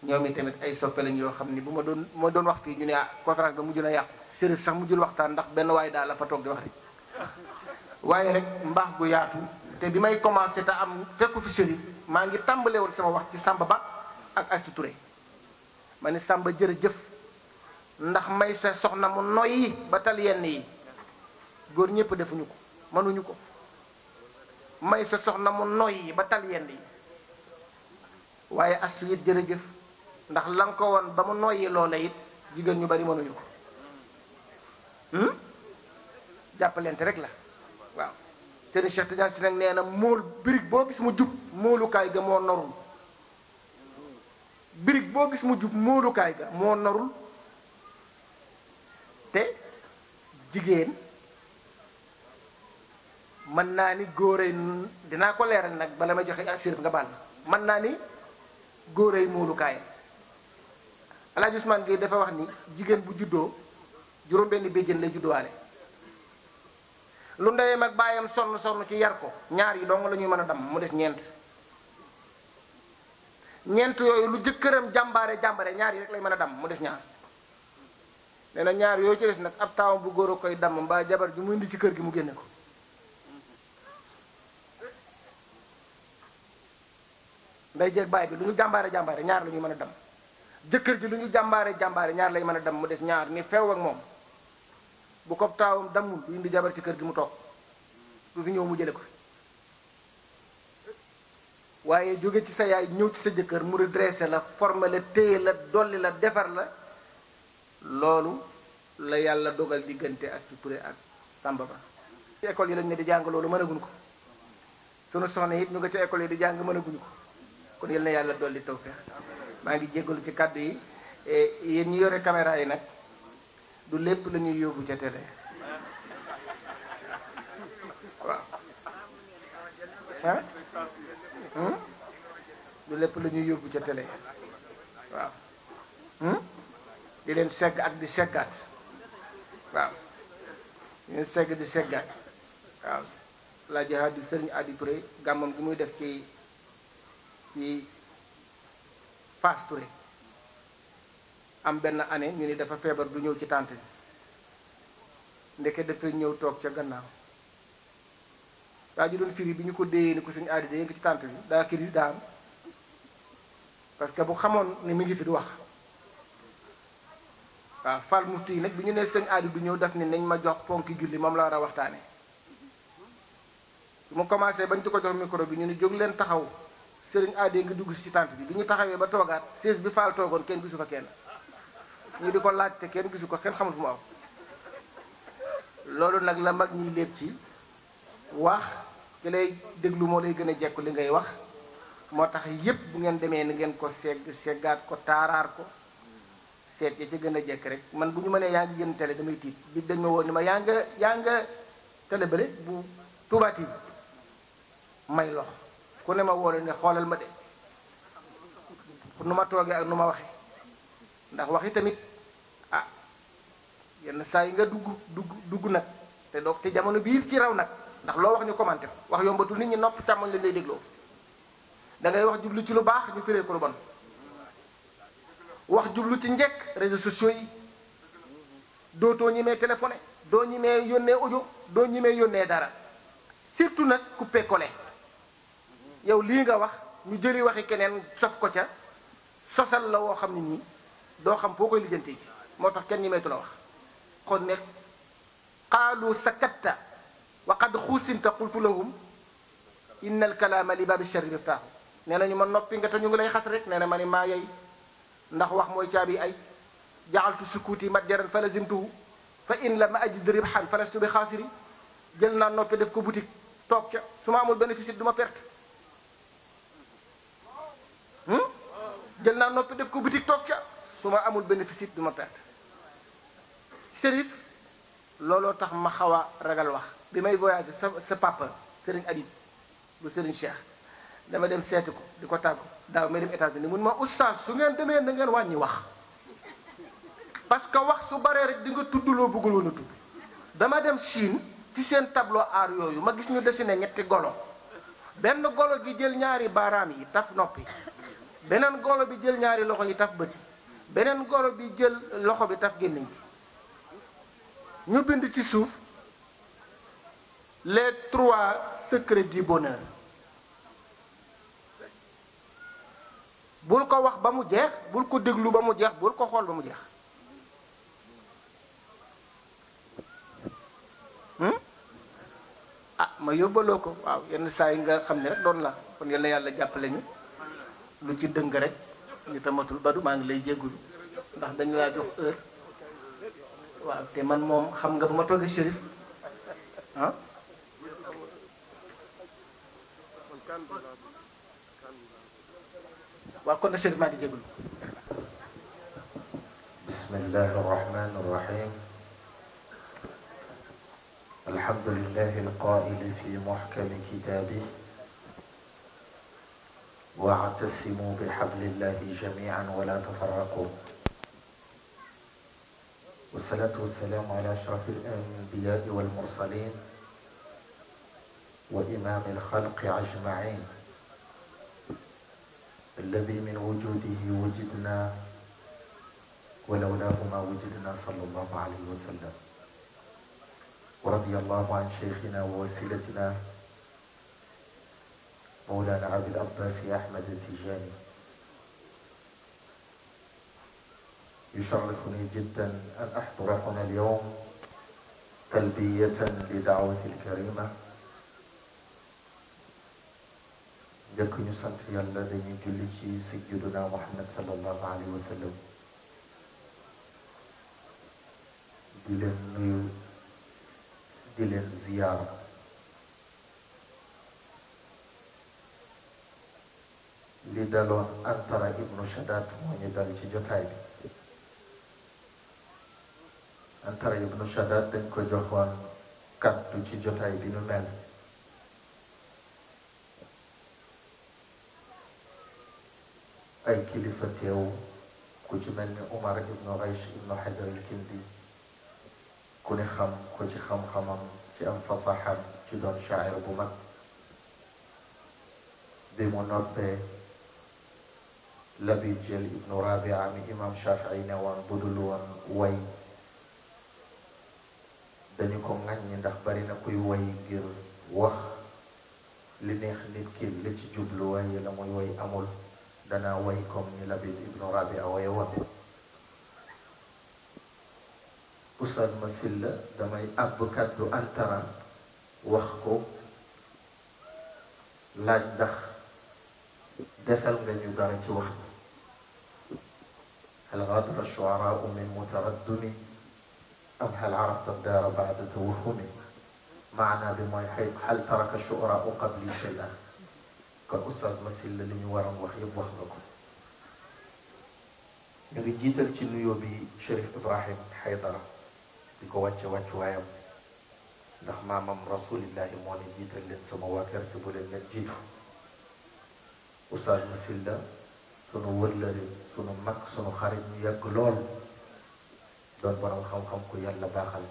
ñoom i tamit ay soppe lañ yoo xam ni bu ma doon ma doon wax fii ñu ne ah conférence ba mujj na sax mujjul waxtaan ndax benn waaye daal la fa toog di wax rek waaye rek mbaax gu yaatu te bi may commencé te am fekku fi sérif maa ngi tàmbale woon sama wax ci Samba Ba ak Astu Touré ma ne Samba jëf ndax may sa soxna mu noyyi ba tal yenn yi góor ñëpp defuñu ko mënuñu ko may sa soxna mu noyyi ba tal yenn yi waaye astu it jëf ndax lan nga ko woon ba mu noyyi loola it jigéen ñu bari mënuñu ko hmm? jàppalente rek la waaw seen Cheikh Tidiane nag nee na mool birig boo gis mu jub moolukaay ga moo norul birig boo gis mu jub moolukaay ga moo norul te jigéen mën naa ni góorey dinaa ko leeral nag bala may joxe assurance nga baal ma mën naa ni góorey muulukaay Alaaji Usmaan Géey dafa wax ni jigéen bu juddoo juróom-benn béjjén lay judduwaale lu ndeyam ak baayam sonn sonn ci yar ko ñaar yi dong la ñuy mën a dam mu des ñeent ñeent yooyu lu jëkkëram jàmbaare jàmbaare ñaar yi rek lay mën a dam mu des ñaar nee na ñaar yooyu ci des nag ab taawam bu góor a koy damm mbaa jabar ju mu indi ci kër gi mu génne ko nday jeeg baay bi lu ñu jàmbaare jàmbaare ñaar la ñuy mën a dem jëkkër ji lu ñu jàmbaare jàmbaare ñaar lañ mën a dem mu des ñaar ni feew ak moom bu ko taawam damul du indi jabar ci kër gi mu toog du fi ñëw mu jële ko waaye jóge ci sa yaay ñëw ci sa jëkkër mu redressé la formé la téye la dolli la defar la loolu la yàlla dogal diggante ak ci Touré ak Samba Ba ci école yi lañ ne di jàng loolu mënaguñ ko sunu soxna it ñu nga ci école yi di jàng mënaguñ ko kon yal na yàlla dolli tawfeex maa ngi jéggalu ci kàddu yi e, yéen ñi yore caméra yi nag du lépp lañuy ñuy yóbbu ca télé waaw lépp la ñuy yóbbu ca waaw di leen segg ak di seggaat waaw di leen segg di seggaat waaw laajaha di sëriñ Adi Touré gàmmam gi muy def ci ci Fass am benn année ñu ni dafa feebar du ñëw ci tànt bi ndeke dafa ñëw toog ca gannaaw waa ji doon bi ñu ko déyee ni ko suñu aadi déyee nga daa kii di daan parce que bu xamoon ne mi ngi fi du wax waaw fal mufti yi nag bi ñu ne sëñ aadi du ñëw def ni nañ ma jox ponki julli moom la war a waxtaane su mu commencé bañ di ko jox micro bi ñu ne jóg leen taxaw sëriñ aadee ngi dugg si ci tànt bi bi ñu taxawee ba toogaat sées bi faal toogoon kenn gisu fa kenn ñu di ko laaj te kenn gisu ko kenn xamul fu mu aw loolu nag la mag ñi lépp ci wax ki lay déglu moo lay gën a jekku li ngay wax moo tax yépp bu ngeen demee ni ngeen ko segg seggaat ko taaraar ko seet ya ca gën a jekk rek man bu ñu mënee yaa ngi génn télé damay tiit bi dañ ma woon ni ma yaa nga yaa nga télé bële bu Touba may lox ku ne ma woone ne xoolal ma de pour nu ma toogee ak nu ma waxee ndax wax yi tamit ah yenn saa yi nga dugg dugg dugg nag te doog te jamono biir ci raw nag ndax loo wax ñu commenté wax yombatul nit ñi nopp càmmoñ lañ lay dégloo da ngay wax jublu ci lu baax ñu firee ko lu bon wax jublu ci njekk réseaux sociaux yi dootoo ñimee téléphoné doo ñimee yónnee audio doo ñimee yónnee dara surtout nag coupé collé yow lii nga wax ñu jëli waxi keneen sof ko ca sosal la woo xam ne nii doo xam foo koy lijjante ji moo tax kenn ñi maytu la wax kon ne qaalu sakatta wa qad xuusinta qultu lahum inna al kalaama li baabi sharri miftaahu nee na ñu ma noppi nga te ñu ngi lay xas rek nee na ma ni maa yey ndax wax mooy caabi ay jaxaltu sukuuti matjaran fa lazimtuhu fa in lam ajid ribhan falastu bi xaasiri jël naa noppi def ko boutique toog ca su ma amul bénéfice du ma Hmm? jël naa noppi def ko boutique toog ca su ma amul bénéfice du ma perte Chérif looloo tax ma xaw a ragal wax bi may voyagé sa sa papa Serigne Adib bu Serigne Cheikh dama dem seeti ko di ko tàggu daaw may dem États-Unis mun ma oustaz su ngeen demee na ngeen wàññi wax parce que wax su baree rek di nga tudd loo bëggul woon tudd dama dem Chine ci seen tableau art yooyu ma gis ñu dessiné ñetti golo benn golo gi jël ñaari baaraam yi taf noppi beneen golo bi jël ñaari loxo yi taf bëti beneen golo bi jël loxo bi taf gémmiñ bi ñu bind ci suuf le trois secrets du bonheur bul ko wax ba mu jeex bul ko déglu ba mu jeex bul ko xool ba mu jeex hmm? ah ma yóbbaloo ko waaw yenn saa yi nga xam ni rek doon la kon yal yàlla jàppale ñu lu ci dëng rek ñu tamatul badu maa ngi lay jéggul ndax dañu laa jox heure waaw te man moom xam nga bu ma toogee shérif ah waaw kon na shérif maa ngi jéggul bismillahi arrahmani arrahim alhamdulillahi alqaili fi muhkami kitabihi واعتصموا بحبل الله جميعا ولا تفرقوا والصلاة والسلام على أشرف الأنبياء والمرسلين وإمام الخلق أجمعين الذي من وجوده وجدنا ولولاه ما وجدنا صلى الله عليه وسلم ورضي الله عن شيخنا ووسيلتنا مولانا أبي العباس أحمد التجاني يشرفني جدا أن أحضر هنا اليوم تلبية لدعوتي الكريمة يكون يسنتي الذي يجلجي سيدنا محمد صلى الله عليه وسلم دلن دلن زيارة li daloon antara ibnu shadat moo ñu dal ci jotaay bi antara ibnu shadat dañ ko joxoon ci jotaay bi nu mel ay kilifa ku ci mel ni umar ibnu aysh ibnu hajar al kindi ku ne xam ku ci xam-xamam ci am fasaxam ci doon shaacir bu mag bi mu noppee Labid jël ibnu Rabia mi imam Shafii ne woon budul woon way dañu ko ŋàññi ndax bari na kuy way ngir wax li neex nit ki li ci jublu waaye la muy way amul danaa way comme ni Labid ibnu Rabia waye woon Oustaz Masilla damay àbb kàddu antaran wax ko laaj ndax desal nga ñu dara ci wax هل غادر الشعراء من متردم أم هل عرفت الدار بعد توهم معنا bi xëy هل ترك الشعراء قبلي شيئا kon oustaz Massile la li ñu waroon wax yëpp wax nga ko ñu ngi jiital ci nuyoo bi Cherif Ibrahim Haydara di ko wàcce wàccu waayam ndax maamam rasulillahi moo ne jiital leen sama waa kër ci bu leen leen jiitu oustaz Massile la sunu wëllëre sunu mag sunu xarit ñu yàgg lool doon borom xam-xam ku yàlla baaxal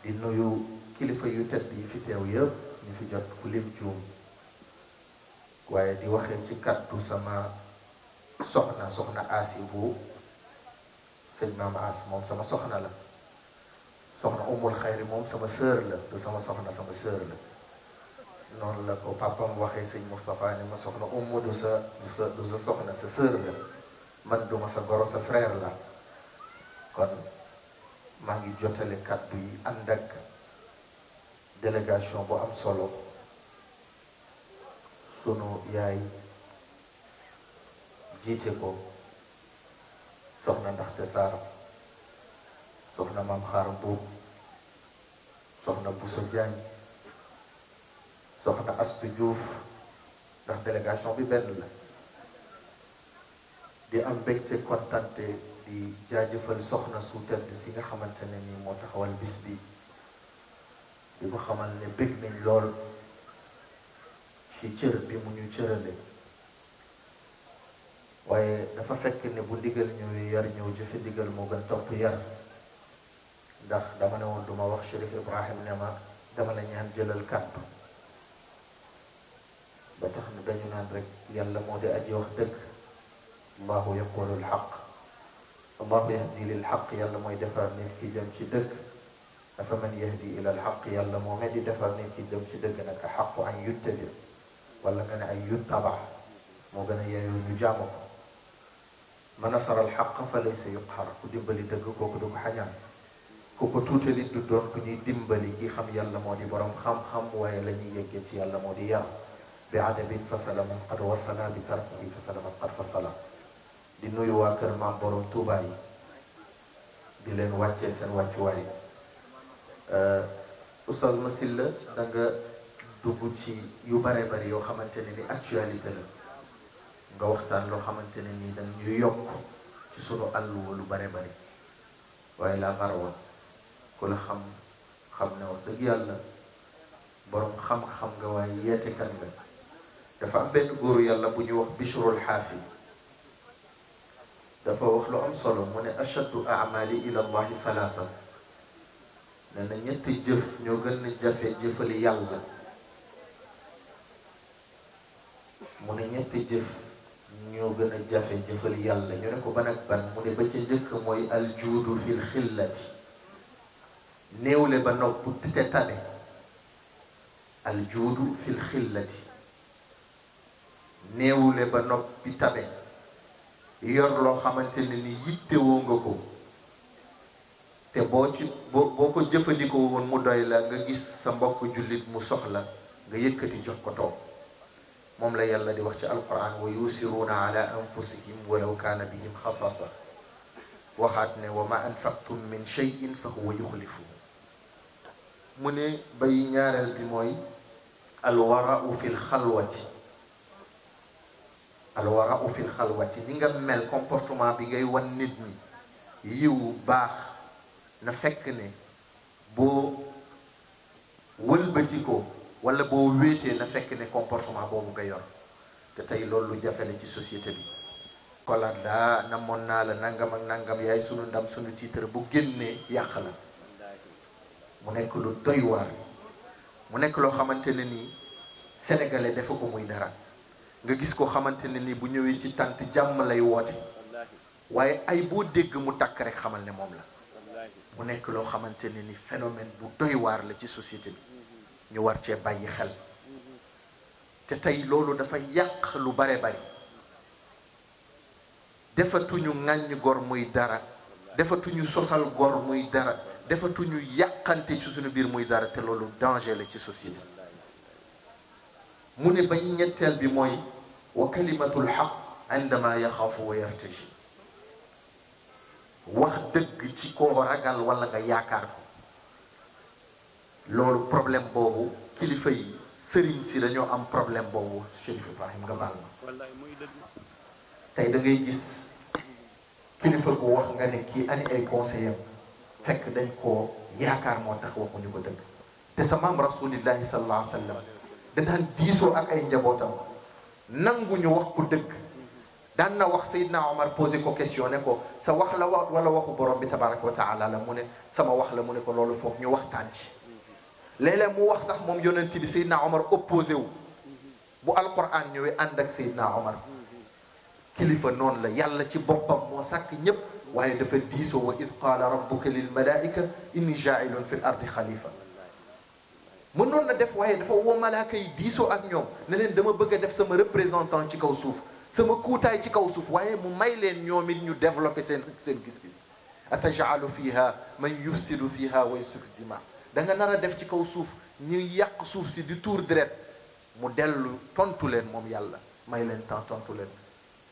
di nuyu kilifa yu tedd yi fi teew yëpp ñu fi jot ku lim juum waaye di waxee ci kàddu sama soxna soxna aasi bu sëñ maama aas moom sama soxna la soxna umul xayri moom sama sœur la du sama soxna sama sœur la noonu la ko papam waxee sëñ Moustapha ni ma soxna ummu du sa du sa soxna sa sœur la man duma sa goro sa frère la kon maa ngi jotale kàddu yi ànd délégation bu am solo sunu yaay jiite ko soxna ndaxte Sarr soxna maam xaar buub soxna Bousso Diagne soxna Astu Diouf ndax délégation bi benn la di am mbégte kontante di jaajëfal soxna su tedd si nga xamante ne nii moo taxawal bis bi di ko xamal ne bég nañ lool ci cër bi mu ñu cërale waaye dafa fekk ne bu ndigal ñëwee yar ñëw jëfe ndigal moo gën topp yar ndax dama ne woon duma wax Chérif Ibrahim ne ma dama la ñaan jëlal kàddu ba tax na dañu naan rek yàlla moo di aji wax dëgg allahu yaqulu lxaq allahu yahdi lil la yàlla mooy defar nit ki jëm ci dëgg afa man yahdi ila lxaq yàlla moo nga di defar nit ki jëm ci dëgg nag xaqu an yuttabi wala nga ne ay yuttaba moo gën a yeeyoo ñu jaamu ko man nasara alxaq fa laysa yuqhar ku dimbali dëgg kooku du ko xañaan ku ko tuutali du doon ku dimbali ki xam yàlla moo di borom xam-xam waaye la ñuy yeggee ci yàlla moo di yàlla بعدم فصل من قد وصل بترك فصل من قد فصل di nuyu waa kër maam borom Touba yi di leen wàccee seen wàccuwaay euh, Oustaz Massylla da nga dugg ci yu bare bari yoo xamante ne ni actualité la nga waxtaan loo xamante ne ni dañ ñu yokk ci sunu àlluwa lu bare bari waaye laa marwa ku la xam xam ne wax dëgg yàlla borom xam-xam nga waaye yeetekat nga dafa benn góoru yàlla bu ñuy wax bishrul xaafi dafa wax lu am solo mu ne ashaddu amali ila allahi salaasa ne na ñetti jëf ñoo gën a jafe jëfali ne ñetti jëf ñoo gën a jafe jëfali yàlla ñu ne ko ban ak ban mu ne ba ca njëkk mooy aljuudu fil xillati néewle ba nopp te tane aljuudu fil xillati néewule ba noppi tabe yor loo xamante ne ni yittewoo nga ko te boo ci boo ko jëfandikoo woon mu doy la nga gis sa mbokk jullit mu soxla nga yëkkati jox ko toog moom la yàlla di wax ci alquran wa yusiruuna ala anfusihim walaw kaana bihim xasaasa waxaat ne wa ma anfaqtum min cheyin fa huwa yuxlifu mu ne bay ñaareel bi mooy alwarau fi lxalwati alwara u fil xalwati li nga mel comportement bi ngay wan nit mi yiw baax na fekk ne boo wëlbati ko wala boo wéetee na fekk ne comportement boobu nga yor te tey loolu jafe la ci société bi kolaat daa namoon naa la nangam ak nangam yaay sunu ndam sunu titre bu génnee yàq la mu nekk lu doy waar mu nekk loo xamante ne nii sénégalais dafa ko muy dara nga gis ko xamante ne ni bu ñëwee ci tànt jàmm lay woote waaye ay boo dégg mu takk rekk xamal ne moom la mu nekk loo xamante ne ni phénomène bu doy waar la ci société bi ñu war cee bàyyi xel te tey loolu dafa yàq lu bare bari defatuñu ŋàññ gor muy dara defatuñu sosal gor muy dara defatuñu yàqante ci suñu biir muy dara te loolu danger la ci société mu ne bañ ñetteel bi mooy wa kalimatul xaq indama yaxaafu wa yartaji wax dëgg ci koo ragal wala nga yaakaar ko loolu problème boobu kilifa yi sëriñ si dañoo am problème boobu Chérif Ibrahim nga baal ma tey da ngay gis kilifa gu wax nga ne kii ani ay conseillers fekk dañ koo yaakaar moo tax waxuñu ko dëgg te sa maam rasulillahi sallallahu alayhi wa da daan diisoo ak ay njabootam ñu wax ku dëgg daan na wax Seydina Omar posé ko question ne ko sa wax la wala waxu borom bi tabaraka wa taala la mu ne sama wax la mu ne ko loolu foog ñu waxtaan ci léeg mu wax sax moom yonent bi Seydina Omar opposé wu bu alquran ñëwee ànd ak Seydina Omar kilifa noonu la yàlla ci boppam moo sàkk ñépp waaye dafa diisoo wa id qaala rabbuka lil malaika inni jaailun fi l xalifa noon na def waaye dafa woo malaaka yi diisoo ak ñoom ne leen dama bëgg a def sama représentant ci kaw suuf sama kuutaay ci kaw suuf waaye mu may leen ñoom it ñu développé seen seen gis-gis atajaalu fiha man yufsidu fiha wa yasfiku dima da nga nar a def ci kaw suuf ñu yàq suuf si di tuur deret mu dellu tontu leen moom yàlla may leen temps tontu leen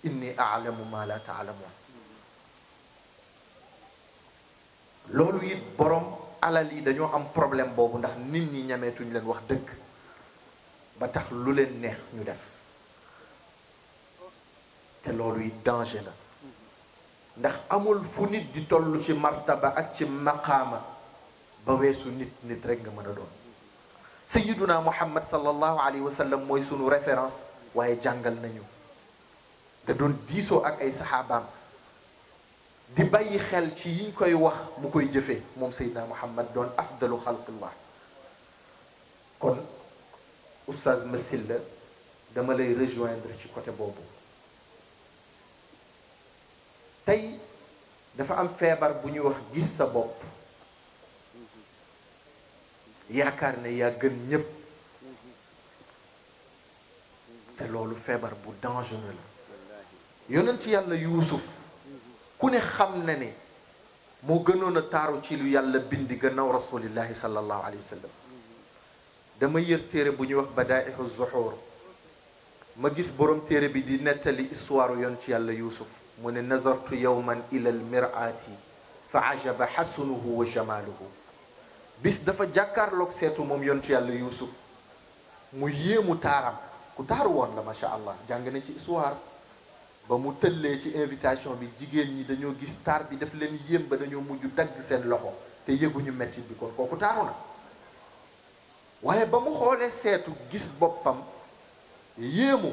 inni alamu ma la taalamoon loolu it borom alal yi dañoo am problème boobu ndax nit ñi ñameetuñ leen wax dëgg ba tax lu leen neex ñu def te loolu yi danger la ndax amul fu nit di toll ci martaba ak ci maqaama ba weesu nit nit rek nga mën a doon sayiduna muhammad sallallahu alayhi wa sallam mooy sunu référence waaye jàngal nañu da doon diisoo ak ay saxaabaam di bàyyi xel ci yiñ koy wax mu koy jëfee moom Seydina Muhammad doon afdalu xalqillah kon oustaz Massylla dama lay rejoindre ci côté boobu tey dafa am feebar bu ñuy wax gis sa bopp yaakaar ne yaa gën ñépp te loolu feebar bu dangereux la yonent yàlla Yuusuf ku ne xam na ne moo gënoon a taaru ci lu yàlla bindi gannaaw rasulillahi sallallahu alayhi wa sallam dama yër téere bu ñuy wax ba badaa'ihu zuhur ma gis borom téere bi di nettali histoire yoon ci yàlla yusuf mu ne nazartu yowman ila almiraati fa ajaba xasunuhu wa jamaaluhu bis dafa jàkkaarloog seetu moom yoon ci yàlla yusuf mu yéemu taaram ku taaru woon la macha allah jàng na ci histoire ba mu tëllee ci invitation bi jigéen ñi dañoo gis taar bi daf leen yéem ba dañoo mujj dagg seen loxo te yëguñu metti bi kon kooku taaru na waaye ba mu xoolee seetu gis boppam yéemu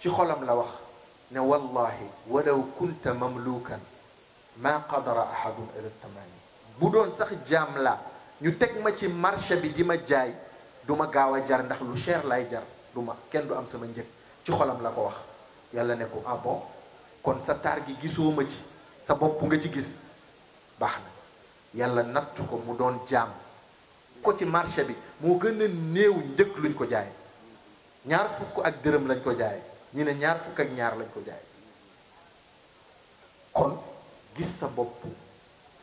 ci xolam la wax ne wallahi walaw kunta mamlukan maa qadara ahadun bu doon sax jaam la ñu teg ma ci marché bi di ma jaay duma gaaw a jar ndax lu cher lay jar du ma kenn du am sama njëg ci xolam la ko wax yàlla ne ko ah bon kon sa taar gi gisoo ma ci sa bopp nga ci gis baax na yàlla nattu ko mu doon jaam ko ci marché bi moo gën a néew njëkk luñ ko jaay ñaar fukk ak dërëm lañ ko jaay ñi ne ñaar fukk ak ñaar lañ ko jaay kon gis sa bopp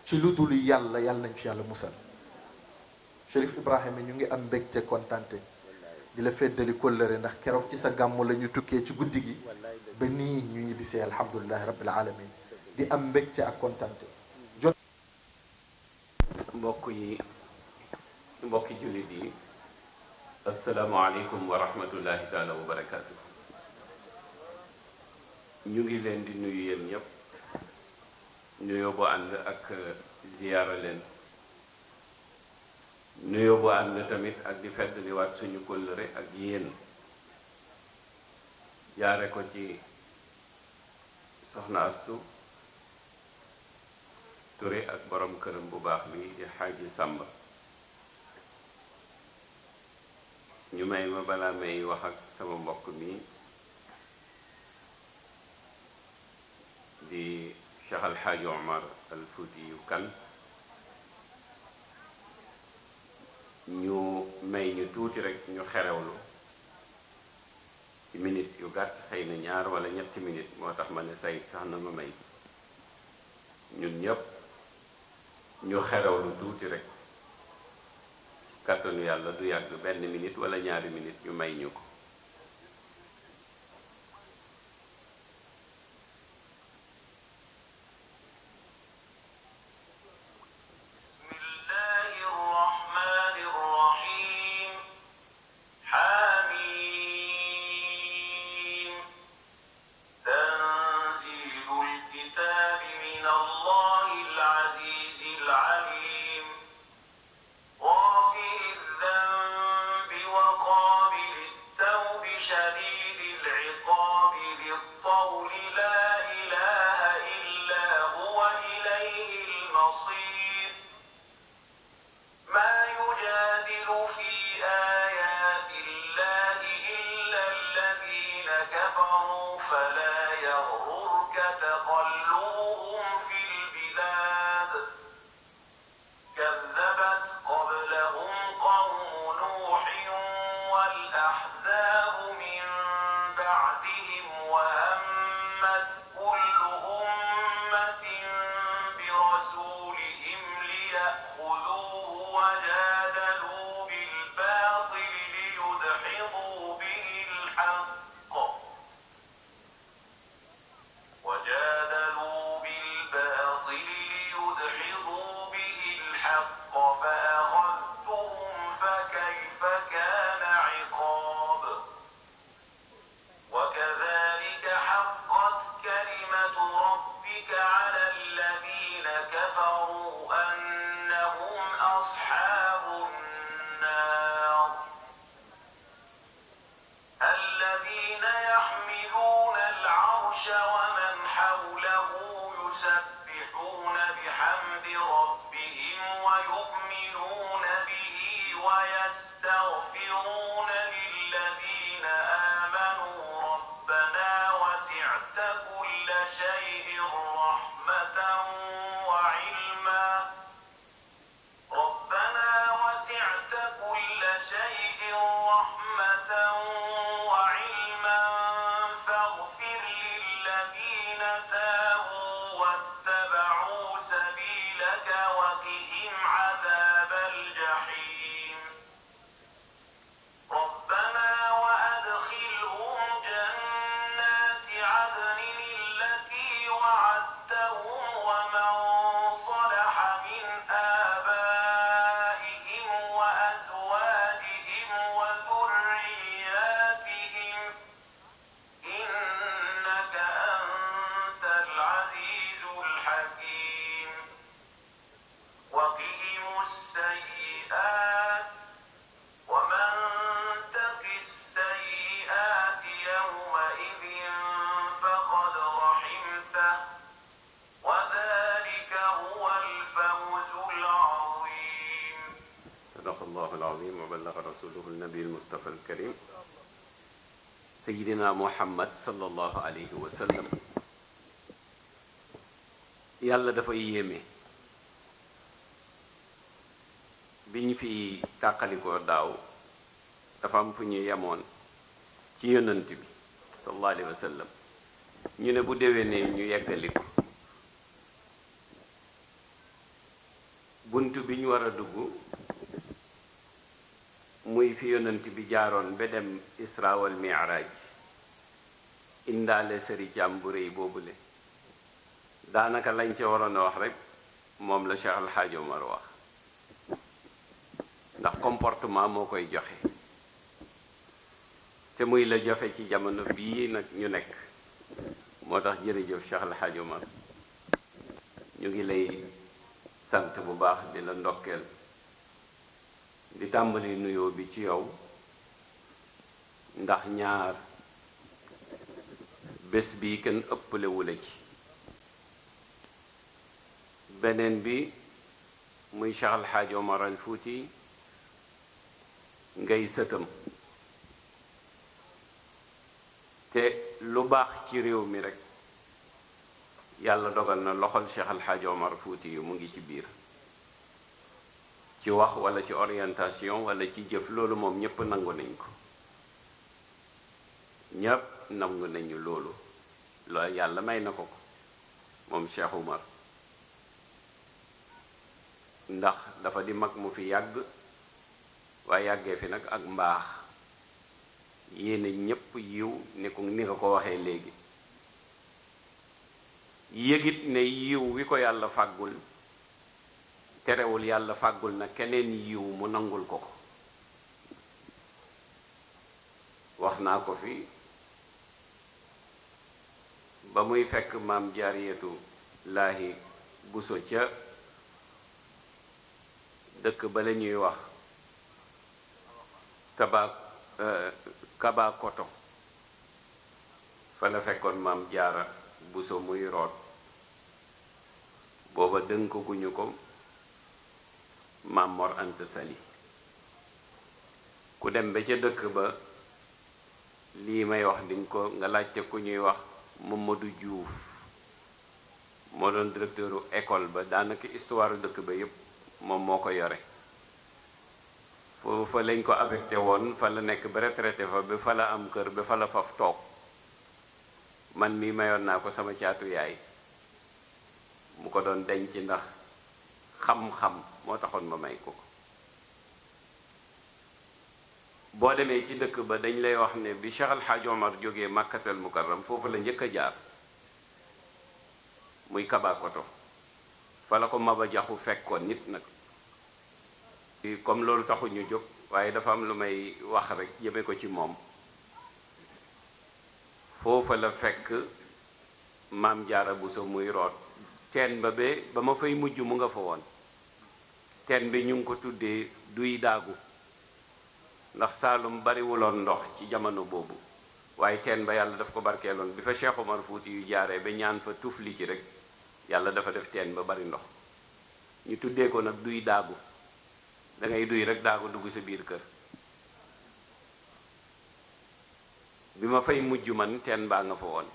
ci lu dul yàlla yàlla nañ ci yàlla musal Chérif Ibrahima ñu ngi am mbégte kontante di la feddali kóllëre ndax keroog ci sa gàmm la ñu tukkee ci guddi gi ba nii ñu ñibbisee alhamdulilahi rabbil alamin di am mbégte ak kontante jot mbokk yi mbokki jullit yi asalaamaaleykum wa rahmatullahi taala wa barakaatu ñu ngi leen di nuyu yéen ñëpp nuyoo bu ànd ak ziyaara leen nuyoo bu ànd tamit ak di feddliwaat suñu kóllëre ak yéen jaare ko ci soxna astu Touré ak borom këram bu baax bi di xaaji Sàmba ñu may ma balaa may wax ak sama mbokk mi di Cheikh Al Xaaji Omar Al Fuuti yu kan ñu may ñu tuuti rek ñu xerewlu ci minute yu gàtt xëy na ñaar wala ñetti minute moo tax ma ne say sax na ma may ñun ñëpp ñu xeraw lu tuuti rek kàttanu yàlla du yàgg benn minute wala ñaari minute yu may ñu ko sayyidina muhammad sallallahu alayhi wa yàlla dafa yéeme bi ñu fi tàqalikoo daaw dafa am fu ñuy yemoon ci yonant bi sallallahu alayhi wa ñu ne bu déwénee ñu yeggali bunt bi ñu war a dugg muy fi yonant bi jaaroon ba dem isra wal indaale sëri caam bu rëy le daanaka lañ ca waroon a wax rek moom la Cheikh Alxaaji Omar wax ndax comportement moo koy joxe te muy la joxe ci jamono bii nag ñu nekk moo tax jërëjëf Cheikh Alxaaji Omar ñu ngi lay sant bu baax di la ndokkeel di tàmbali nuyoo bi ci yow ndax ñaar bés bi kenn ëppalewu ci beneen bi muy Cheikh Al fuuti ngay sëtam te lu baax ci réew mi rekk yàlla dogal na loxol Cheikh Al fuuti yu mu ngi ci biir ci wax walla ci orientation walla ci jëf loolu moom ñépp nangu nañ ko ñépp nangu nañu loolu loolu yàlla may na ko ko moom Cheikh Oumar ndax dafa di mag mu fi yàgg waaye yàggee fi nag ak mbaax yéene ñépp yiw ni ko ni nga ko waxee léegi yëgit ne yiw wi ko yàlla fàggul terewul yàlla fàggul na keneen yiw mu nangul ko ko wax naa ko fi ba muy fekk maam jaar yetu laahi buso ca dëkk ba la ñuy wax taba euh, kaba fa la fekkoon maam jaara buso muy root booba dënk ko maam Mor Anta Sali ku dem ba ca dëkk ba lii may wax dinga ko nga laajte ku ñuy wax ma du Diouf moo doon directeur école ba daanaka histoire dëkk ba yépp moom moo ko yore foofu fa lañ ko affecté woon fa la nekk ba retraité fa ba fa la am kër ba fa la faf toog man mii mayoon naa ko sama caatu yaay mu ko doon denc ndax xam-xam moo taxoon ma may ko ko boo demee ci dëkk ba dañ lay wax ne bi Cheikh Al Hadj Omar jógee Makkatal foofu la njëkk a jaar muy Kabakoto fa la ko Maba Jaxu fekkoon nit nag comme loolu taxuñu jóg waaye dafa am lu may wax rekk jëme ko ci moom foofa la fekk maam jaara buso muy root teen ba ba ba ma fay mujj mu nga fa woon teen bi ñu ngi ko tuddee duy daagu ndax saalum bariwuloon ndox ci jamono boobu waaye teen ba yàlla daf ko barkeeloon bi fa Cheikh Omar Fuuti yu jaaree ba ñaan fa tufli ci rek yàlla dafa def teen ba bari ndox ñu tuddee ko nag duy daagu dangay duy rek daagu dugg sa biir kër bi ma fay mujj man teen baa nga fa woon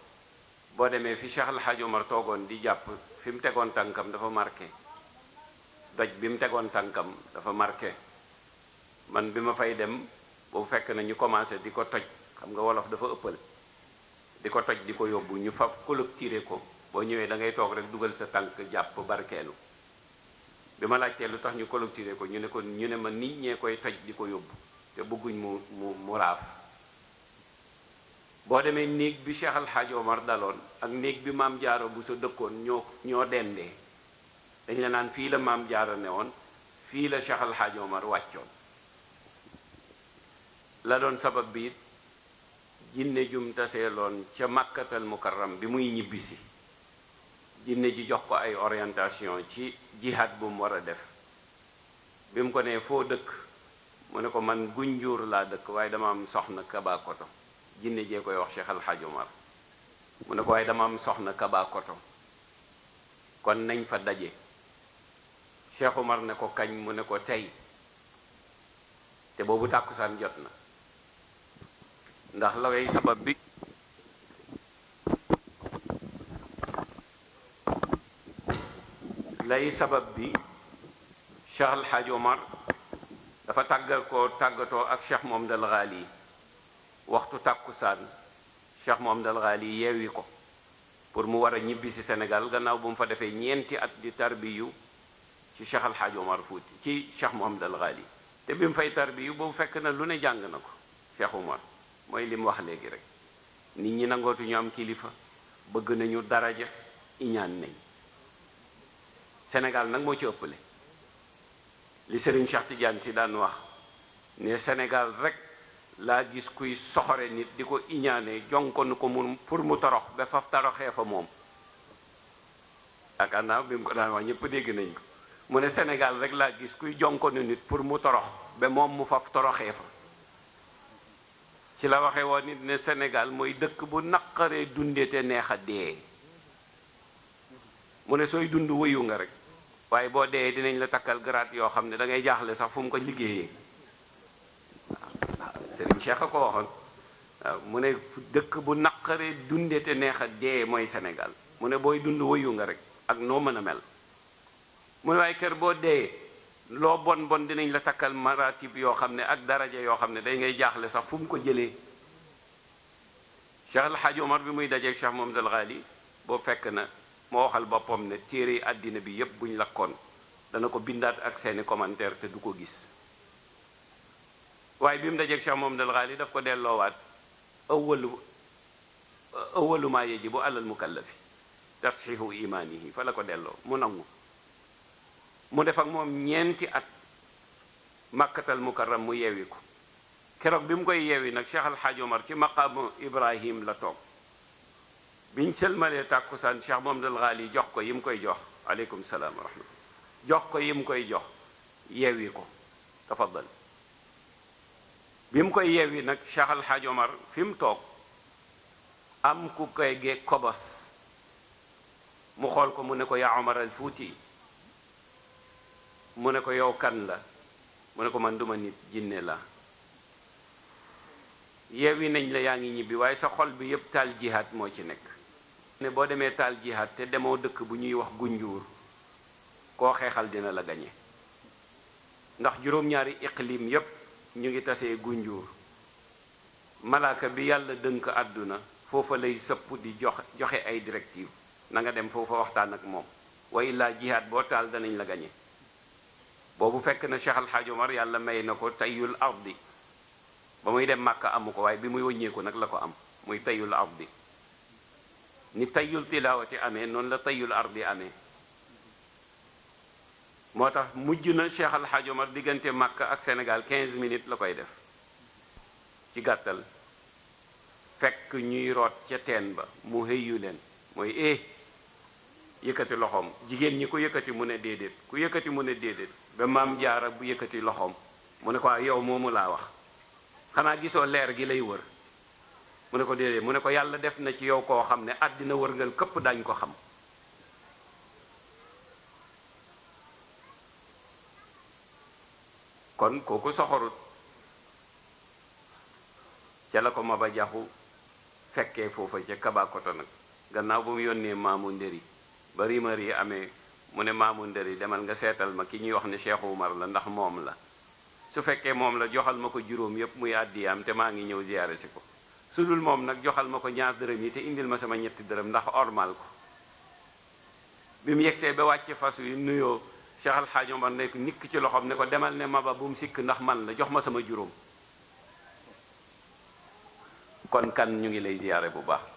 boo demee fi Cheikh Al Hadj toogoon di jàpp fi mu tegoon tànkam dafa marke doj bi mu tegoon tànkam dafa marke man bi ma fay dem boobu fekk na ñu commencé di ko toj xam nga wolof dafa ëppal di ko toj di ko yóbbu ñu faf collecté ko boo ñëwee da ngay toog rek dugal sa tànk jàpp barkeelu bi ma laajtee lu tax ñu collecté ko ñu ne ko ñu ne ma nit ñee koy toj di ko yóbbu te bëgguñ mu mu mu raaf boo demee néeg bi Cheikh Al Hadj daloon ak néeg bi maam jaaro bu sa dëkkoon ñoo ñoo dendee dañ la naan fii la maam jaaro ne woon fii la Cheikh Al Hadj Omar wàccoon la doon sabab bi it jinne jum loon ca màkkatal mukarram bi muy ñibbisi jinne ji jox ko ay orientation ci jihad bu mu war a def bi mu ko nee foo dëkk mu ne ko man gunjuur laa dëkk waaye dama am soxna kaba koto jinne wax Cheikh Alxaaj Omar mu ne ko waaye dama am soxna kaba kon nañ fa daje Cheikh Omar ne ko kañ mu ne ko tey te boobu tàkkusaan jot na ndax lay sabab bi lay sabab bi Cheikh Al dafa tàggal ko tàggatoo ak Cheikh Mohamed Al Ghali waxtu tàkkusaan Cheikh Mohamed Al Ghali yeewi ko pour mu war a ñibbi si Sénégal gannaaw bu mu fa defee ñeenti at di tarbiyu ci Cheikh Al Hadj ci Cheikh Mohamed Al te bi mu fay tarbiyu boobu fekk na lu ne jàng na ko Cheikh Omar mooy li wax léegi rek nit ñi nangootuñu am kilifa bëgg nañu daraja iñaan nañ Sénégal nag moo ci ëpple li Serigne Cheikh Tidiane si daan wax ne Sénégal rek laa gis kuy soxore nit di ko iñaane jonkonu ko mu pour mu torox ba faf toroxee fa moom yaakaar naa bi mu ko daan wax ñëpp dégg nañ ko mu ne Sénégal rek laa gis kuy jonkonu nit pour mu torox ba moom mu faf toroxee fa ci la waxe woon it ne Sénégal mooy dëkk bu naqaree dundee te neex a dee mu ne sooy dund wëyu nga rek waaye boo dee dinañ la takkal garaat yoo xam ne dangay jaaxle sax fu mu ko liggéeyee waaw Serigne a ko waxoon mu ne dëkk bu naqaree dundee te neex a dee mooy Sénégal mu ne booy dund woyu nga rek ak noo mën a mel mu ne waaye kër boo dee loo bon bon dinañ la takkal maratib yoo xam ne ak daraja yoo xam ne day ngay jaaxle sax fu mu ko jëlee Cheikh El Hadj bi muy dajeeg Cheikh Mohamed Al Ghali boo fekk na moo waxal boppam ne téere yi àddina bi yépp buñ lakkoon dana ko bindaat ak seeni commentaire te du ko gis waaye bi mu dajeeg Cheikh moom Al Ghali daf ko delloowaat awwalu awwalu maa bu alal mukallafi tasxiixu yi fa la ko delloo mu nangu mu def ak moom ñeenti at makkatal mukarram mu yeewi ko keroog bi mu koy yeewi nag Cheikh Alhaaj Omar ci maqaamu Ibrahim la toog biñ sëlmalee tàkkusaan Cheikh Mohammadul Ghali jox ko yi mu koy jox aleykum salaam wa jox ko yi mu koy jox yeewi ko tafaddal bi mu koy yeewi nag Cheikh Alhaaj Omar fi mu toog am ku koy gee kobos mu xool ko mu ne ko yaa Omar al Fuuti mu ne ko yow kan la mu ne ko man duma nit jinne la yeewi nañ la yaa ngi ñibbi waaye sa xol bi yépp taal jihaat moo ci nekk ne boo demee taal jihaat te demoo dëkk bu ñuy wax gunjuur koo xeexal dina la gañe ndax juróom-ñaari iqlim yépp ñu ngi tasee gunjuur malaaka bi yàlla dënk àdduna foofa lay sëpp di jox joxe ay directive na nga dem foofa waxtaan ak moom wa illaa jihaat boo taal danañ la gañe boobu fekk na Cheikh Al Hadj Omar yàlla may na ko tayul ardi ba muy dem màkka amu ko waaye bi muy wëññeeku nag la ko am muy tayul ardi ni tayul tilawati amee noonu la tayul ardi amee moo tax mujj na Cheikh Al Hadj diggante màkka ak Sénégal quinze minutes la koy def ci gàttal fekk ñuy root ca teen ba mu hëyu leen mooy eh yëkkati loxoom jigéen ñi ku yëkkati mu ne déedéet ku yëkkati mu ne déedéet ba maam jaara bu yëkkati loxoom mu ne ko ah, yow moomu laa wax xanaa gisoo leer gi lay wër mu ne ko déedéet mu ne ko yàlla def na ci yow koo xam ne àddina wërngal këpp dañ ko xam kon kooku soxorut ca la ko Maba Jaxu fekkee foofa ca Kabakoto nag gannaaw ba mu yónnee maamu ndëri ba rumeur yi amee mu ne maamu yi demal nga seetal ma ki ñuy wax ne Cheikh Oumar la ndax moom la su fekkee moom la joxal ma ko juróom yépp muy am te maa ngi ñëw ziyaare si ko su dul moom nag joxal ma ko ñaar dërëm yi te indil ma sama ñetti dërëm ndax ormal ko bi mu yegsee ba wàcce fas wi nuyoo Cheikh Al Hadj nekk nikk ci loxoom ne ko demal ne ma ba bu mu sikk ndax man la jox ma sama juróom kon kan ñu ngi lay ziyaare bu baax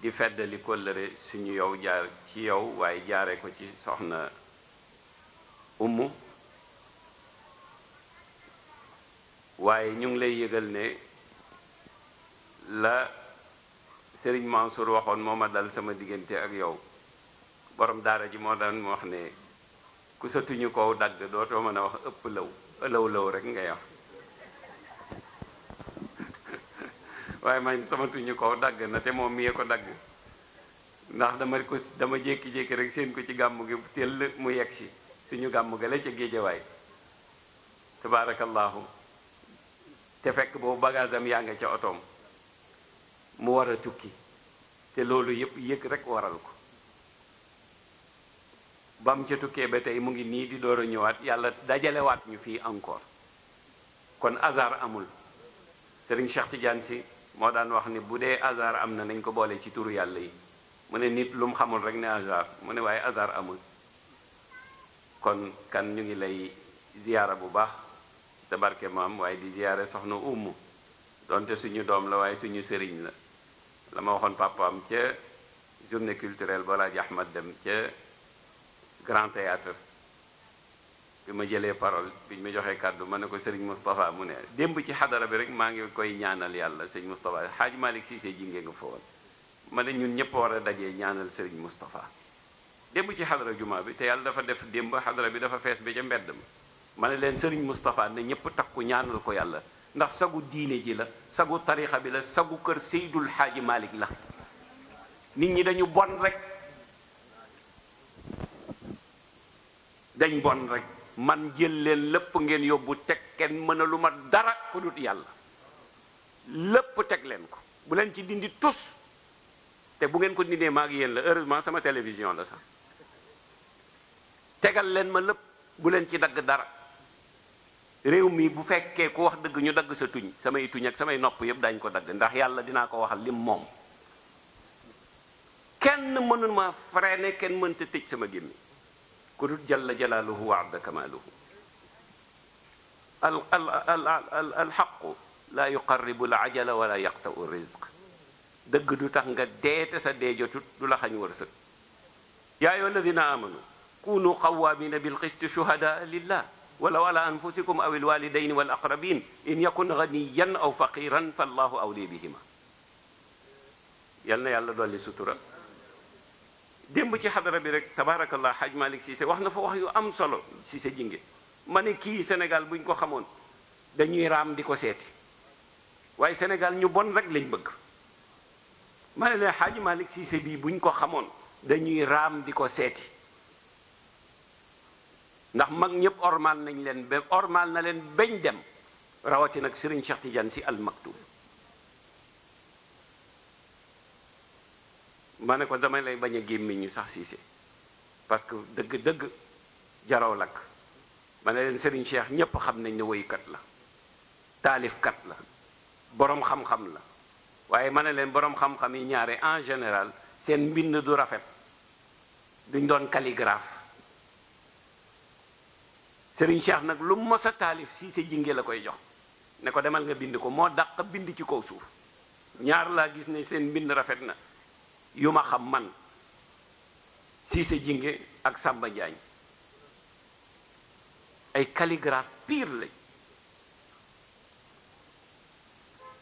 di feddali kóllëre suñu yow jaar ci yow waaye jaare ko ci soxna umm waaye ñu ngi lay yëgal ne la Sëriñ Mansour waxoon moo ma dal sama diggante ak yow boroom daara ji moo daan wax ne kusatuñu satuñu kow dagg dootoo mën a wax ëpp law ëlaw law rek ngay wax waaye man samatuñu tuñu ko dagg na te moom miyee ko dagg ndax dama ko dama jékki-jékki rek seen ko ci gàmm gi teel mu yegg si suñu gàmm ga la ca géejawaay tabaarakallaahu te fekk boobu bagage yaa ngi ca otoom mu war a tukki te loolu yëpp yëg rek waral ko bam mu tukkee ba tey mu ngi nii di door a ñëwaat yàlla dajalewaat ñu fii encore kon hasard amul Serigne Cheikh Tidiane moo daan wax ni bu dee hasard am na nañ ko boole ci turu yàlla yi mu ne nit lu mu xamul rek ne hasard mu ne waaye hasard amul kon kan ñu ngi lay ziyaara bu baax sa barke maam waaye di ziyaare soxna ummu donte suñu doom la waaye suñu sëriñ la la ma waxoon papaam ca journée culturelle balaaji ahmad dem ca grand théâtre bi ma jëlee parole biñ ma joxee kàddu ma ne ko sëriñ Moustapha mu ne démb ci xadara bi rek maa ngi koy ñaanal yàlla sëriñ Moustapha xaaj Malick Cissé ji ngeen nga fa woon ma ne ñun ñëpp war a dajee ñaanal sëriñ Moustapha démb ci xadara jumaa bi te yàlla dafa def démb xadara bi dafa fees bi ca mbedd ma ma ne leen sëriñ Moustapha ne ñëpp takku ñaanal ko yàlla ndax sagu diine ji la sagu tarixa bi la sagu kër Seydul xaaj Malick la nit ñi dañu bon rek dañ bon man jël leen lépp ngeen yóbbu teg kenn mën a lu ma dara ko dut yàlla lépp teg leen ko bu leen ci dindi tus te bu ngeen ko dindee maa ngi yéen la heureusement sama télévision la sax tegal leen ma lépp bu leen ci dagg dara réew mi bu fekkee ku wax dëgg ñu dagg sa tuñ samay tuñ ak samay nopp yëpp dañ ko dagg ndax yàlla dinaa ko waxal lim moom kenn mënul ma ne kenn mënta tëj sama gémmi ku dul jalla jalaaluhu wa adda kamaaluhu al al al al xaqu laa yuqarribu la ajala wala yaqta u rizq dëgg du tax nga deete sa dee jotut du la xañ wërsëg yaa ayyuha alladina amanu kunu qawamina bil qisti shuhada lillah walaw ala anfusikum aw alwalidayn wal aqrabin in yakun ganiyan aw faqiran fallahu awli bihima yal na yàlla dolli sutura démb ci xadara bi rek tabaarakallah Hadj Malick Cissé wax na fa wax yu am solo Cissé jinge ma ne kii senegal buñ ko xamoon dañuy raam di ko seeti waaye Sénégal ñu bon rek lañ bëgg ma ne leen Hadj Malick Cissé bii buñ ko xamoon dañuy raam di ko seeti ndax mag ñëpp ormal nañ leen ba ormal na leen bañ dem rawatina ak Serigne Cheikh si al ma ne ko dama lay bañ a gémmiñ ñu sax siise parce que dëgg-dëgg jaraw lakk ma leen Serigne Cheikh ñépp xam nañ ne woykat la taalif kat la boroom xam-xam la waaye ma ne leen boroom xam-xam yi ñaare en général seen mbind du rafet duñ doon calligraphe Serigne Cheikh nag lu mos a taalif siise jinge la koy jox ne ko demal nga bind ko moo dàq bind ci kow suuf ñaar laa gis ne seen mbind rafet na yu ma xam man Cissé Jinge ak sàmba Njaañ ay calligraphe pire lañ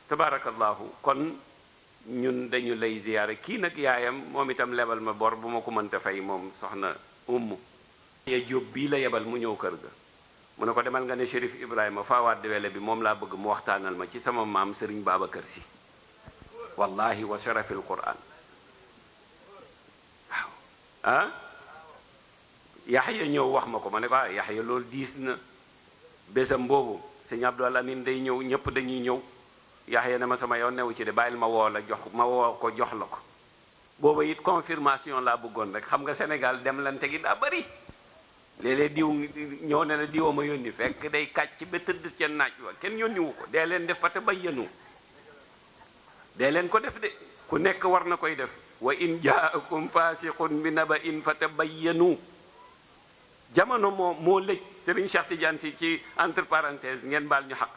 tabaarakallaahu kon ñun dañu lay ziyaare kii nag yaayam moom itam lebal ma bor bu ma ko mënta fay moom soxna umm ya jóob bii la yebal mu ñëw kër ga mu ne ko demal nga ne Chérif Ibrahima faawaat wele bi moom laa bëgg mu waxtaanal ma ci sama maam Sëriñ baaba kër Si wallahi wa sharafil Qur'an ah ya ñëw wax ma ko ma ne ko ah yaxya loolu diis na bésam boobu sëñ Abdoul Amin day ñëw ñëpp dañuy ñëw yax yaxya ne ma sama yoon newu ci de bàyyil ma woo la jox ma woo ko jox la ko booba it confirmation laa bëggoon rek xam nga Sénégal dem lante gi daa bari léeg diw ñëw ne la diwa ma yónni fekk day kàcc ba tëdd ca naaj wa kenn yónniwu ko dee leen def fata bay yenu dee leen ko def de ku nekk war na koy def wa in jaakum fasiqun bi na naba in yenu jamono moo moo lëj Serigne Cheikh Tidiane si ci entre parenthèse ngeen baal ñu xaq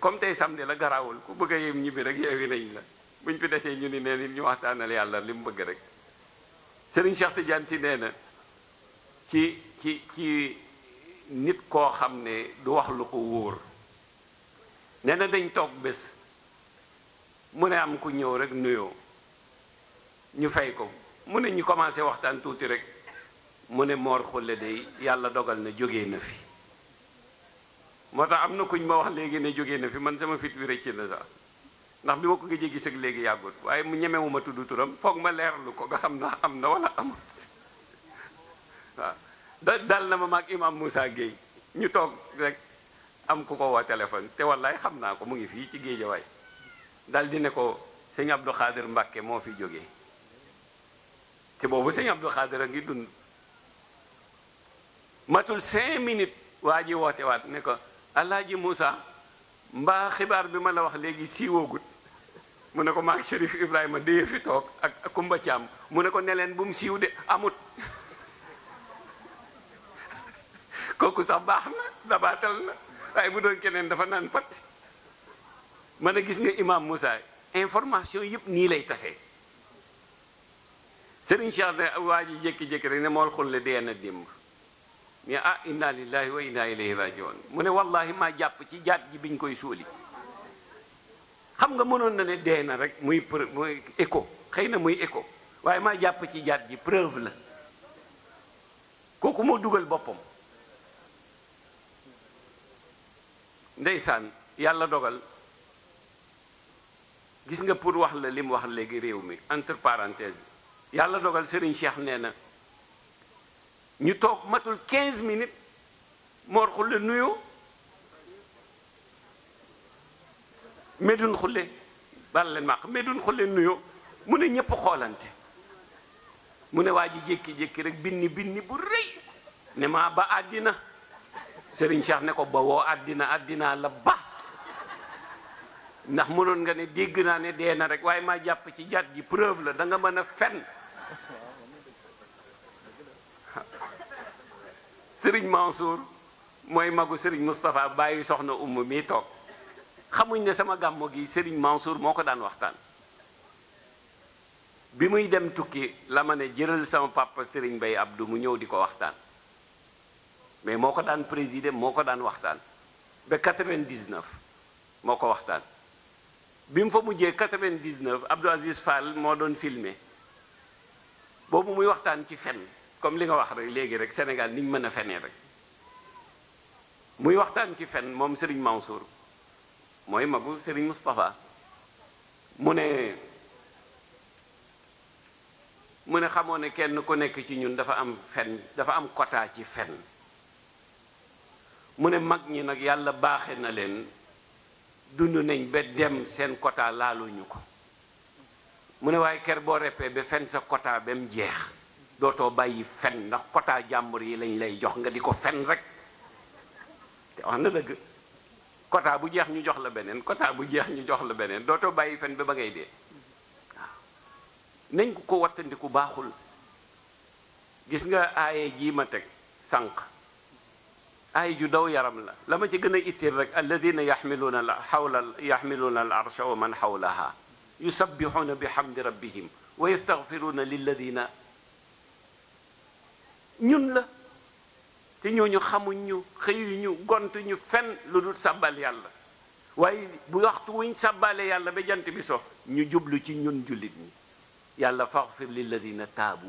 comme tey samedi la garaawul ku bëgg a ñibbi rek yeewi nañ la buñ fi desee ñu ni nee ñu waxtaanal yàlla li mu bëgg rek sëriñ Cheikh Tidiane si nee na ci ci ci nit koo xam ne du wax lu ko wóor nee dañ toog bés mu ne am ku ñëw rek nuyoo ñu fay ko mu ne ñu commencé waxtaan tuuti rek mu ne Mor Xulle day yàlla dogal na jóge na fi moo tax am na kuñ ma wax léegi na jógee na fi man sama fit wi rëcc na sax ndax bi ma ko gëjee gis ak léegi yàggut waaye mu ñemewu tudd turam foog ma leerlu ko nga xam na am na wala amul waaw da dal na ma maag imam Moussa géej ñu toog rek am ku ko woo téléphone te wallaay xam naa ko mu ngi fii ci géejawaay dal di ne ko sëñ Abdou Khadir Mbacke moo fi jógee te boobu sëñ Abdou Xaadir a ngi dund matul cinq minutes waa ji woote waat ne ko alaaji Moussa mbaa xibaar bi ma la wax léegi siiwoogut mu ne ko maak Chérif Ibrahima déye fi toog ak Kumba Caam mu ne ko ne leen bu mu siiw de amut kooku sax baax na dabaatal na waaye bu doon keneen dafa naan pat mën a gis nga imam Moussa information yëpp nii lay tasee sëriñ Cheikh ne waa ji jékki-jékki rek ne mool xulle dee na démb mais ah inna lillahi wa inna ilayhi rajiun mu ne wallahi maa jàpp ci jaat ji biñ koy suuli xam nga mënoon na ne dee na rek muy muy écho xëy na muy écho waaye maa jàpp ci jaat ji preuve la kooku moo dugal boppam ndeysaan yàlla dogal gis nga pour wax la li mu wax léegi réew mi entre parenthèse yàlla dogal sëriñ Cheikh nee na ñu toog matul 15 minutes Mor Xulle nuyu Medoune Xulle bal leen maq Medoune Xulle nuyu mu ne ñëpp xoolante mu ne waa ji jékki-jékki rek binni binni bu rëy ne maa ba àddina sëriñ Cheikh ne ko ba woo àddina àddinaa la ba ndax mënoon nga ne dégg naa ne dee na rek waaye maa jàpp ci jaat ji preuve la da nga mën a fen sëriñ Mansour mooy magu sëriñ Moustapha bàyyi soxna umm mi toog xamuñ ne sama gàmmo gi sëriñ Mansour moo ko daan waxtaan bi muy dem tukki la ma ne jëral sama papa sëriñ Bay abdu mu ñëw di ko waxtaan mais moo ko daan présider moo ko daan waxtaan ba 99 moo ko waxtaan bi mu fa mujjee 99 Abdou Aziz Fall moo doon filmer boobu muy waxtaan ci fen comme li nga wax rek léegi rek Sénégal niñ mën a fenee rek muy waxtaan ci fen moom Serigne Mansour mooy magu Serigne Moustapha mu ne mu ne xamoo ne kenn ku nekk ci ñun dafa am fen dafa am kota ci fen mu ne mag ñi nag yàlla baaxe na leen dund nañ ba dem seen quota laaluñu ko mu ne waaye ker boo reppee ba fen sa quota ba mu jeex dootoo bàyyi fen ndax quota jàmbur yi lañ lay jox nga di ko fen rek te bu jeex ñu jox la beneen quota bu jeex ñu jox la beneen dooto bàyyi fen ba ba ngay dee waaw nañ ko ko wattandiku baaxul gis nga aaye jii ma teg sànq ay ju daw yaram la la ma ci gën it ittir rek alladina yaxmiluuna al xawla yaxmiluuna al arsha wa man xawlaha yusabbixuuna bi xamdi rabbihim wa yastaxfiruuna lilladina ñun la te ñooñu xamuñ ñu xëyuñu gontuñu fenn lu dul sàbbal yàlla waaye bu waxtu wuñ sàbbaale yàlla ba jant bi so ñu jublu ci ñun jullit ñi yàlla faghfir lilladina taabu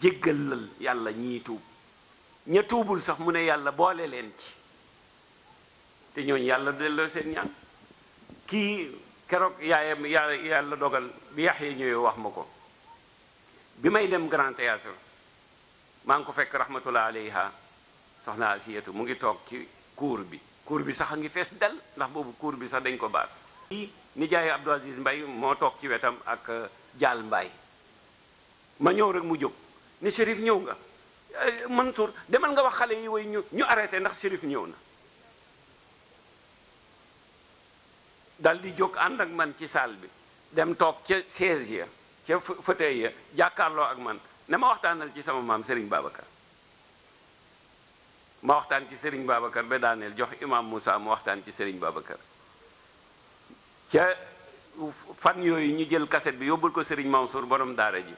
jéggalal yàlla ñii tuub ña tuubul sax mu ne yàlla boole leen ci te ñooñu yàlla delloo seen ñaan kii keroog yaayam yàlla dogal bi yi ñëwee wax ma ko bi may dem Grand Théâtre maa ngi ko fekk rahmatullah alayha soxna asiyatu mu ngi toog ci cour bi kuur bi sax a ngi fees dal ndax boobu kuur bi sax dañ ko baas nijaayu Abdou Aziz mbay moo toog ci wetam ak euh, Jaal Mbaye ma ñëw rek mu jóg ni Chérif ñëw nga euh, Mansour demal nga wax xale yi way ñu ñu arrêté ndax Chérif ñëw na dal di jóg ànd ak man ci salle bi dem toog ca chaise ya ca fauteuil ya jàkkaarloo ak man ne ma waxtaanal ci sama maam Serigne Babacar ma waxtaan ci Serigne Babacar be daaneel jox imam Moussa mu waxtaan ci Serigne Babacar ca fan yooyu ñu jël kaset bi yóbbul ko Serigne Mansour borom daara ji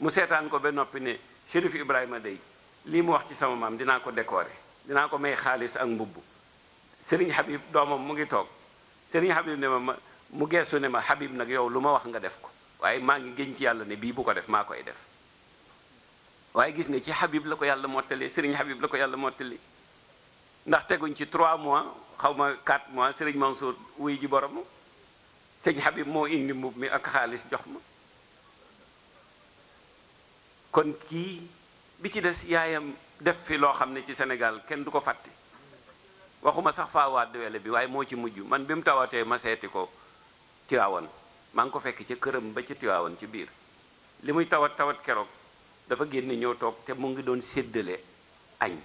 mu seetaan ko ba noppi ne Chérif Ibrahima day lii mu wax ci sama maam dinaa ko décorer dinaa ko may xaalis ak mbubb Serigne Habib doomam mu ngi toog Serigne Habib ne ma mu geesu ne ma Habib nag yow lu ma wax nga def ko waaye maa ngi gën ci yàlla ne bii bu ko def maa koy def waaye gis nga ci Habib la ko yàlla mottalee Serigne Habib la ko yàlla mottalee ndax teguñ ci 3 mois xaw ma 4 mois Serigne Mansour wuy ji borom sëñ Habib moo indi mbub mi ak xaalis jox ma kon kii bi ci des yaayam def fi loo xam ne ci senegal kenn du ko fàtte waxuma sax faawaat wele bi waaye moo ci mujj man bi mu tawatee ma seeti ko Tiwaawan maa ngi ko fekk ca këram ba ca Tiwaawan ci biir li muy tawat tawat keroog dafa génn ñëw toog te mu ngi doon séddale añ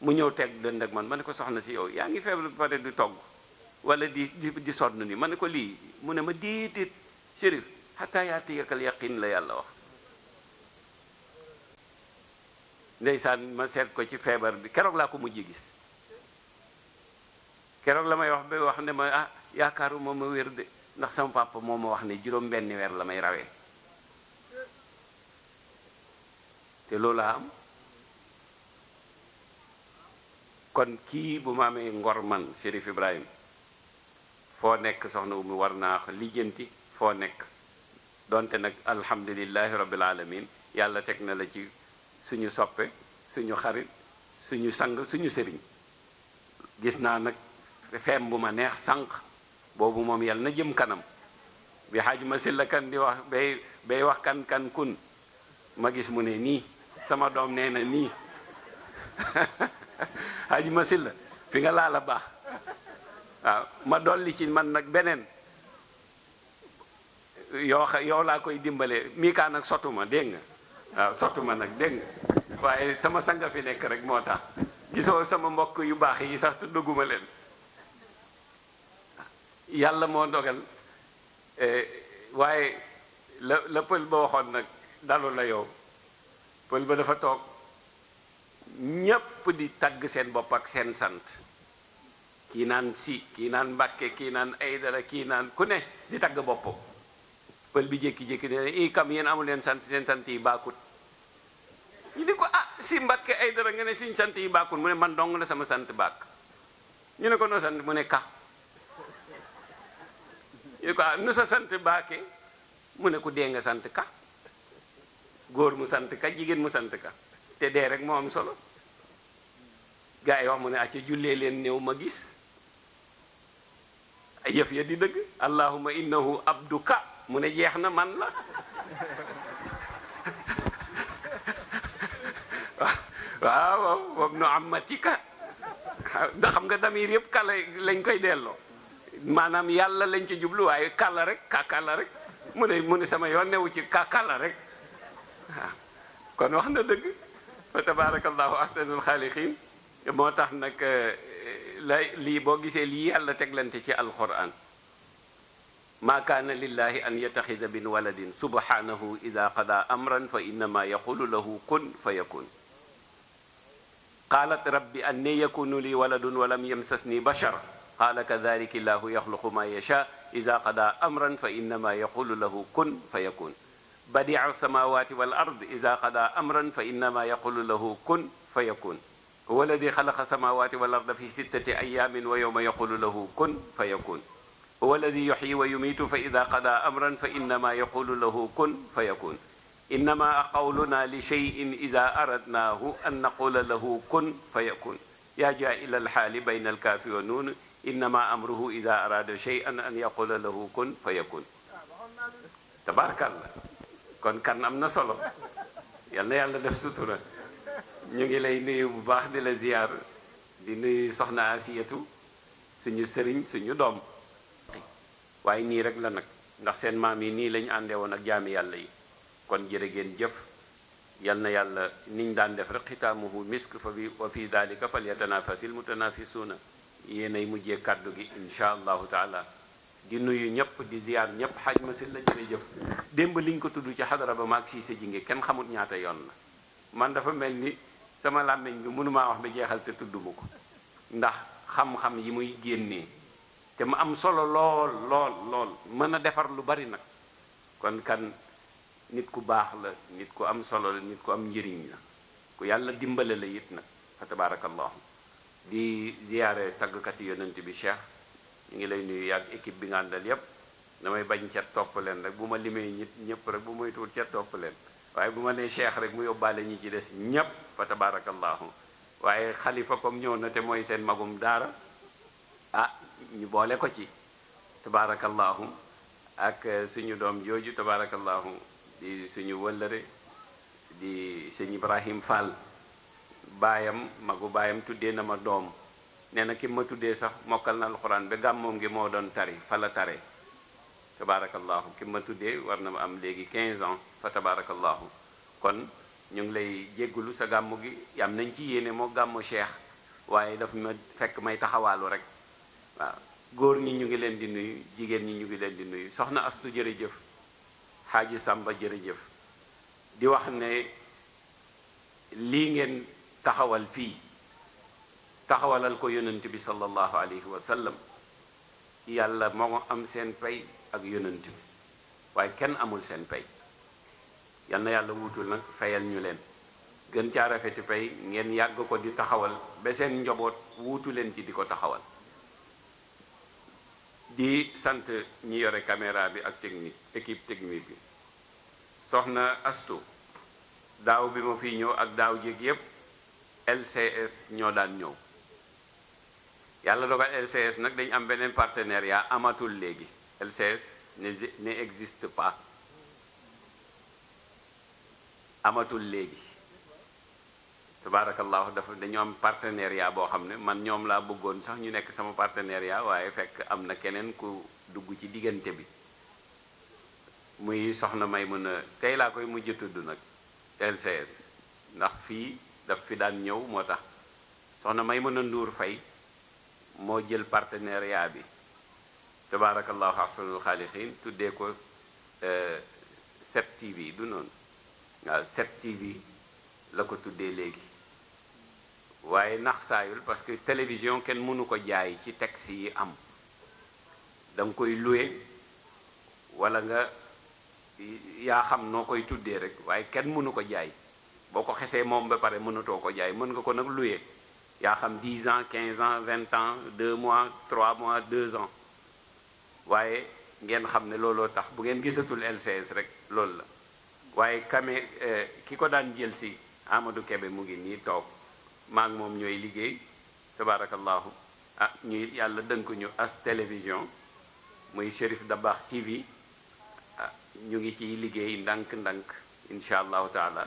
mu ñëw teg dënd ak man ma ne ko soxna si yow yaa ngi feebar ba pare di togg wala di di sonn ni ma ne ko lii mu ne ma déedéet shérif xataa yaatiyakal yaqin la yàlla wax ndeysaan ma seet ko ci feebar bi keroog laa ko mujj gis keroog la may wax ba wax ne ma ah yaakaaruma ma wér de ndax sama papa moo ma wax ne juróom benn weer la may rawee te loola am kon kii bu ma amee ngor man Chérif Ibrahim foo nekk soxna wu mu war naa lijjanti foo nekk donte nag alhamdulilahi rabbil alamin yàlla teg na la ci suñu soppe suñu xarit suñu sang suñu sëriñ gis naa nag feem bu ma neex sànq boobu moom yàlla na jëm kanam bi xaaj ma si di wax bay bay wax kan kan kun ma gis mu ne nii sama doom nee na nii haji si la fi nga laal a baax waaw ma dolli ci man nag beneen yoo xa yow laa koy dimbale mii kaa nag sotu ma dégg waaw sotu ma nag dégg waaye sama sanga fi nekk rek moo tax gisoo sama mbokk yu baax yi sax te dugguma leen yàlla moo dogal eh, waaye la la pël ba waxoon nag dalu la yow pël ba dafa toog ñépp di tagg seen bopp ak seen sant kii naan si kii naan mbàkke kii naan ay dara kii naan ku ne di tagg bopp pël bi jékki-jékki ne kam yéen amul leen sant seen sant yi baakut ñu ko ah si mbàkke aydara nga ne sant yi baakut mu ne man dong la sama sant baak ñu ne ko noo sant mu ne ka ñu ne ko ah nu sa sant baake mu ne ku dee nga sant ka góor mu sant ka jigéen mu sant ka te dee rek moo am solo gaa yi wax mu ne acca jullee leen néew ma gis yëf ya di dëgg allahuma innahu abduka mu ne jeex na man la waaw waaw nu amatika nga xam nga damir yëpp kala lañ koy delloo maanaam yàlla lañ ci jublu waaye kala rek ka kala rek mu ne mu ne sama yoon newu ci ka kala rek waaw kon wax na dëgg fa tabarakallahu ahsanul xaaliqin moo tax nag eh, lay lii boo gisee lii yàlla teglante ci alquran maa kaana lillahi an yattaxida min waladin subhanahu ida qada amran fa innama yaqulu lahu kun fa yakun qaalat rabbi anni yakunu li waladun walam yamsasni bashar qaala kadalika illahu yaxluqu ma yasha ida qada amran fa innama yaqulu lahu kun fa yakun badiu samawati wal ard ida qada amran fa innama yaqulu lahu kun fa yakun huwa alladi xalaqa samawati wal arda fi sittati ayamin wa yowma yaqulu lahu kun fa yakun huwa alladi yuxyi wa yumiitu fa ida qada amran fa innama yaqulu lahu kun fa yakun innama qawluna li cheyin ida aradnahu an naqula lahu kun fa yakun yaa jaa ila alxaali bayna alkaafi wa nuun innama amruhu ida arada cheyan an yaqula lahu kun fa yakun tabaarakallah kon kan am na solo yal na yàlla def sutura ñu ngi lay nuyu bu baax di la ziyaar di nuyu soxna asiyatu suñu sëriñ suñu doom waaye nii rek la nag ndax seen maam yi nii lañu àndee woon ak jaami yàlla yi kon jërë ngeen jëf yal na yàlla niñ daan def rek xitaamuhu misk fa bi wa fi dalika fal yatanafasil mutanafisuuna yéenay mujjee kàddu gi incha allahu taala di nuyu ñëpp di ziar ñëpp xaaj ma si la jëf démb liñ ko tudd ci xadara ba maag siise ji ngi kenn xamut ñaata yoon la man dafa mel ni sama làmmiñ bi mënumaa wax ba jeexal te tudd mu ko ndax xam-xam yi muy génnee te mu am solo lool lool lool mën a defar lu bari nag kon kan nit ku baax la nit ku am solo la nit ku am njëriñ la ku yàlla dimbale la it nag fa tabarakallahu di ziare taggkati yonent bi cheikh ñu ngi lay nuyu yàgg équipe bi nga àndal yépp damay bañ ca topp leen rek bu ma limee ñit ñëpp rek bu may tuur ca topp leen waaye bu ma nee cheikh rek mu yóbbaale ñu ci des ñépp fa tabarakallahu waaye xalifa comme ñëw na te mooy seen magum daara ah ñu boole ko ci tabarakallahu ak eh, suñu doom jooju tabarakallahu di suñu wëllëre di sëñ Ibrahim Fall baayam magu baayam tuddee na ma doom nee na ki ma tuddee sax mokkal na alxuraan ba gàmmoom ngi moo doon tari fa la tare tabaarakallaahu ki ma tuddee war na ma am léegi 15 ans fa tabaarakallaahu kon ñu ngi lay jéggulu sa gàmmu gi am nañ ci yéene moo gàmmu cheikh waaye daf ma fekk may taxawaalu rek waaw góor ñi ñu ngi leen di nuyu jigéen ñi ñu ngi leen di nuyu soxna astu jërëjëf xaaji sàmba jërëjëf di wax ne lii ngeen taxawal fii taxawalal ko yonent bi sallallahu alayhi wa sallam yàlla moo am seen pay ak yonent bi waaye kenn amul seen pay yal yàlla wutul nag fayal ñu leen gën caa rafeti pay ngeen yàgg ko di taxawal ba seen njaboot wuutu leen ci di ko taxawal di sant ñi yore caméra bi ak technique équipe technique bi soxna astu daaw bi ma fiy ñëw ak daaw jeeg yépp LCS ñoo daan ñëw yàlla dogal LCS nag dañu am beneen partenariat amatul léegi LCS ne ne existe pas amatul léegi tabaarakallahu dafa dañu am partenariat boo xam ne man ñoom laa bëggoon sax ñu nekk sama partenariat waaye fekk am na keneen ku dugg ci diggante bi muy soxna may mën a tey laa koy mujj tudd nag LCS ndax fii daf fi daan ñëw moo tax soxna may mën a nduur fay moo jël partenariat bi tabarakallahu ahsanul xaaliqin tuddee ko 7TV euh, du noonu waaw 7TV la ko tuddee léegi waaye nax saayul parce que télévision kenn mënu ko jaay ci taxi yi am da koy loué wala nga yaa xam noo koy tuddee rek waaye kenn mënu ko jaay boo ko xesee moom ba pare mënatoo ko jaay mën nga ko nag loué yaa xam 10 ans 15 ans 20 ans 2 mois trois mois 2 ans waaye ngeen xam ne looloo tax bu ngeen gisatul LCS rek loolu la waaye kame eh, ki ko daan jël si Amadou Kebe mu ngi nii toog maa moom ñooy liggéey tabaarakallaahu ah ñu yàlla dënk ñu as télévision muy Chérif Dabakh TV ah, ñu ngi ciy liggéey ndànk-ndànk incha allahu taala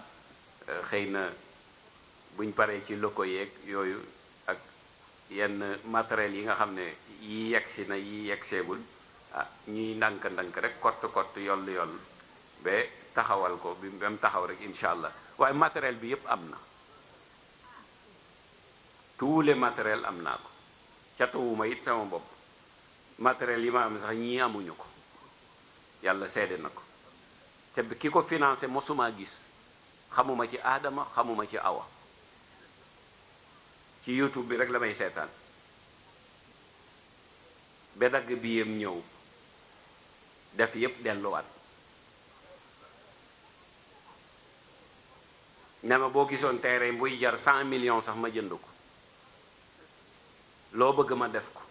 eh, xëy na buñ paree ci loko yeeg yooyu ak yenn matériel yi nga xam ne yi yegsi na yi yegseegul ah ñuy ndànk ndank rek kott kott yoll yoll ba taxawal ko bi mu mu taxaw rek incha allah waaye matériel bi yëpp am na tous les matériels am naa ko catawuma it sama bopp matériel yi ma am sax ñii amuñu ko yàlla seede na ko te ki ko financé mosuma gis xamuma ci aadama xamuma ci awa ci youtube bi rek la may seetaan ba dagg bi yem ñëw def yépp delluwaat ne boo gisoon terrain buy jar cent million sax ma jënd ko loo bëgg ma def ko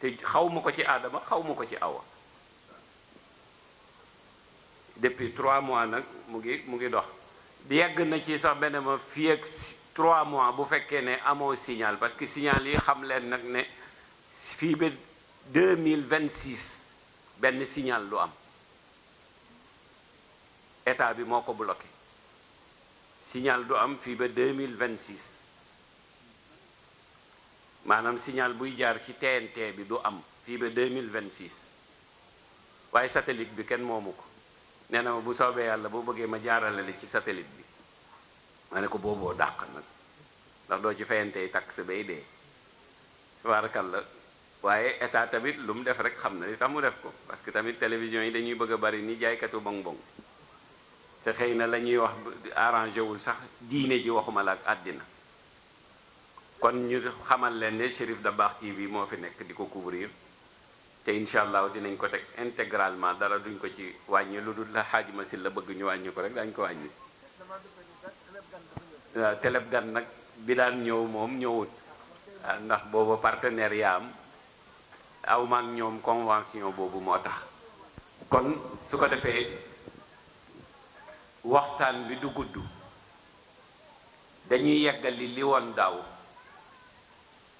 te xaw ma ko ci aadama xaw ma ko ci awa depuis trois mois nag mu ngi mu ngi dox yàgg na ci sax benn ma fii ak trois mois bu fekkee ne amoo signal parce que signal yi xam leen nag ne fii ba deux mille vingt six benn signal du am état bi moo ko bloqué signal du am fii ba deux mille vingt six maanaam signal buy jaar ci TNT bi du am fii ba deux mille vingt six waaye satellite bi kenn moomu ko nee na bu soobee yàlla boo bëggee ma jaarale ci satellite bi. ma ne ko booboo dàq nag ndax doo ci fayantey sa bay dee la waaye état tamit lu mu def rek xam na li tax mu def ko parce que tamit télévision yi dañuy bëgg a bari ni jaaykatu bong bong te xëy na la ñuy wax arrangé wul sax diine ji waxuma la ak àddina kon ñu xamal leen ne Cherif Dabakh TV moo fi nekk di ko couvrir te incha allah dinañ ko teg intégralement dara duñ ko ci wàññi lu dul la xaaj ma si la bëgg ñu wàññi ko rek daañu ko wàññi. waaw euh, teleb gan nag bi daan ñëw moom ñëwut euh, ndax booba partenaire yaa am aw ñoom convention boobu moo tax kon su ko defee waxtaan bi du gudd dañuy yeggali li woon daaw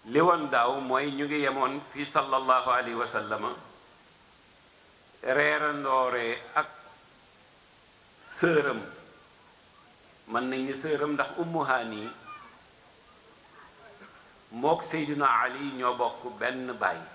li woon daaw mooy ñu ngi yemoon fi sallallahu alayhi wa sallama reerandooree ak sëram mën nañ ni ndax ndax ummu haani mook Seydina Ali ñoo bokk benn bàyyi